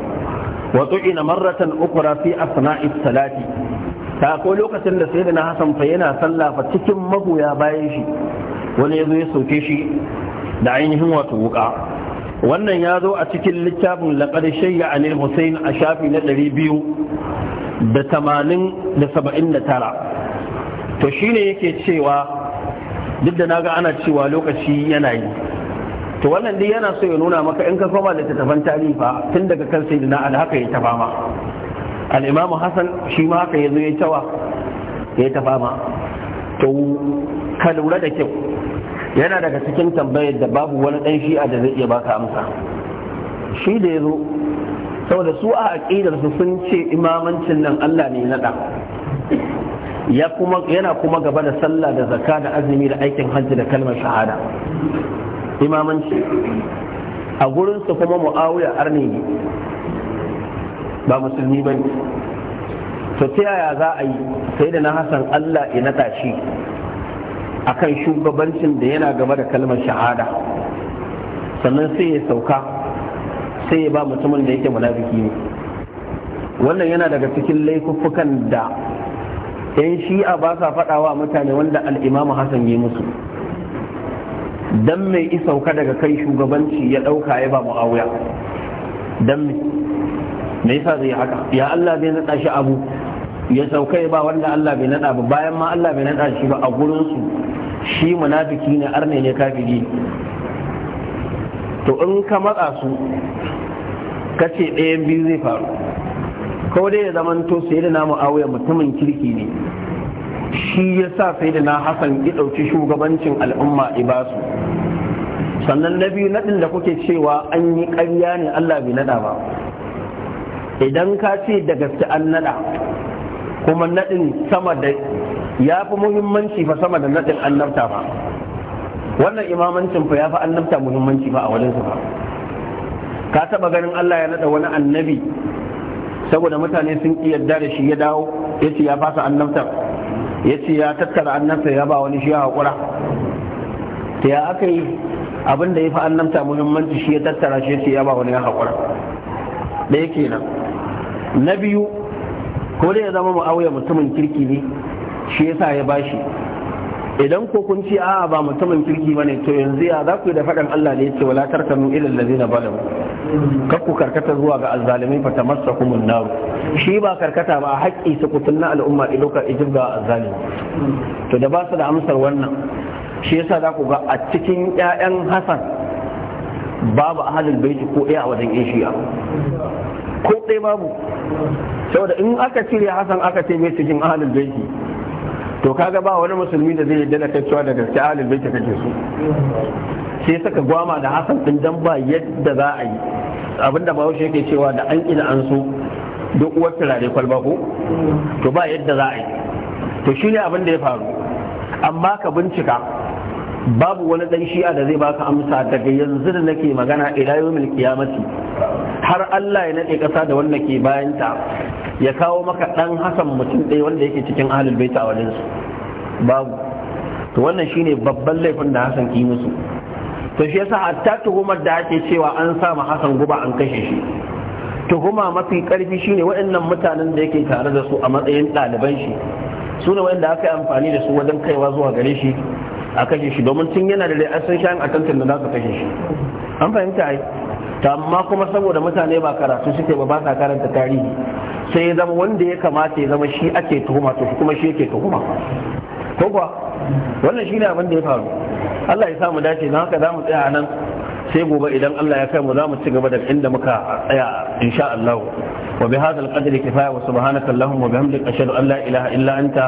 wa tu'ina marratan ukra fi asna'i salati ta ko lokacin da sayyidina hasan fa yana sallah fa cikin magoya bayan shi wani yazo ya sauke shi da ainihin wato wuka wannan ya zo a cikin littafin laqad shayya anil husayn a shafi na 200 da tamanin da saba'in da tara to shi ne yake cewa duk da naga ana cewa lokaci yana yi to wannan dai yana so ya nuna maka in ka koma littattafan tarifa tun daga kan sai da alhaka ya tafa ma al'imamu hassan shi ma haka yazo ya cewa ya tafa ma to ka lura da kyau yana daga cikin tambayar da babu wani dan shi'a da zai iya baka amsa shi da ya zo. saboda su a aƙidar su sun ce imamancin nan Allah ne naɗa ya kuma yana kuma gaba da sallah da zakka da azumi da aikin hajji da kalmar shahada imamanci a gurin su kuma mu'awiya arni ne ba musulmi ba ne to ta yaya za a yi sai da na hasan Allah ya naɗa shi akan shugabancin da yana gaba da kalmar shahada sannan sai ya sauka sai ya ba mutumin da yake munafiki ne wannan yana daga cikin laifuffukan da yan shi'a ba sa faɗawa mutane wanda al'imamu hasan yi musu don mai isauka daga kai shugabanci ya ɗauka ya ba mu'awiya Don me yasa zai haka ya Allah bai naɗa shi abu ya sauka ya ba wanda Allah bai naɗa ba bayan ma Allah bai naɗa shi ba a gurin su shi munafiki ne arne ne kafiri to in ka matsa su ka ce ɗayan biyu zai faru ko dai ya zama to sai da namu awuya mutumin kirki ne shi ya sa sai da na hasan ya ɗauki shugabancin al'umma ibasu sannan na biyu naɗin da kuke cewa an yi ƙarya ne allah bai naɗa ba idan ka ce da gaske an naɗa kuma naɗin sama da ya fi muhimmanci fa sama da naɗin an ba wannan imamancin fa ya fi annabta muhimmanci ba a wajen sa ka taba ganin Allah ya nada wani annabi saboda mutane sun ki yarda da shi ya dawo yace ya fasa annabta yace ya tattara annabta ya ba wani shi ya hakura ta ya aka yi abin da ya fi annabta muhimmanci shi ya tattara shi yace ya ba wani ya hakura da yake nan na biyu ko dai ya zama mu'awiya mutumin kirki ne shi yasa ya bashi idan ko kun ce a'a ba mutumin kirki bane to yanzu ya za ku da faɗan Allah da yake wala tarkanu ila allazina balamu kar ku karkata zuwa ga azzalimai fa tamassakumun nar shi ba karkata ba haƙƙi su kutunna al'umma idoka ijib ga azzalimi to da ba su da amsar wannan shi yasa za ku ga a cikin ƴaƴan Hassan babu ahlul baiti ko ɗaya a wajen Ishiya ko ɗaya babu saboda in aka cire Hassan aka ce mai cikin ahlul baiti to kaga ba wani musulmi da zai yadda da kai cewa da gaske ahlul baiti kake su sai saka gwama da hasan din dan ba yadda za a yi abinda bahaushe yake cewa da an ina an so duk uwar turare kwalba ko to ba yadda za a yi to shine abin da ya faru amma ka bincika babu wani dan shi'a da zai baka amsa daga yanzu da nake magana ila yawmil qiyamati har Allah ya nade kasa da wanda ke bayan ya kawo maka dan hasan mutum ɗaya wanda yake cikin ahlul bait a wajensu. babu to wannan shine babban laifin da Hassan ki musu to shi yasa hatta tuhumar da ake cewa an sa ma Hassan guba an kashe shi tuhuma mafi karfi shine waɗannan mutanen da yake tare da su a matsayin ɗaliban shi su ne waɗanda aka yi amfani da su wajen kaiwa zuwa gare shi a kashe shi domin tun yana da an san shayin atantin da za su kashe shi an fahimta ai ta amma kuma saboda mutane ba karatu suke ba ba sa karanta tarihi sai ya zama wanda ya kamata ya zama shi ake tuhuma to kuma shi yake tuhuma ko kuwa wannan ne abin da ya faru Allah ya samu dace don haka za mu tsaya nan sai gobe idan Allah ya kai mu za mu ci gaba da inda muka tsaya insha Allah wa bi hadha al-qadri kifaya wa subhanaka allahumma wa bihamdika ashhadu an la ilaha illa anta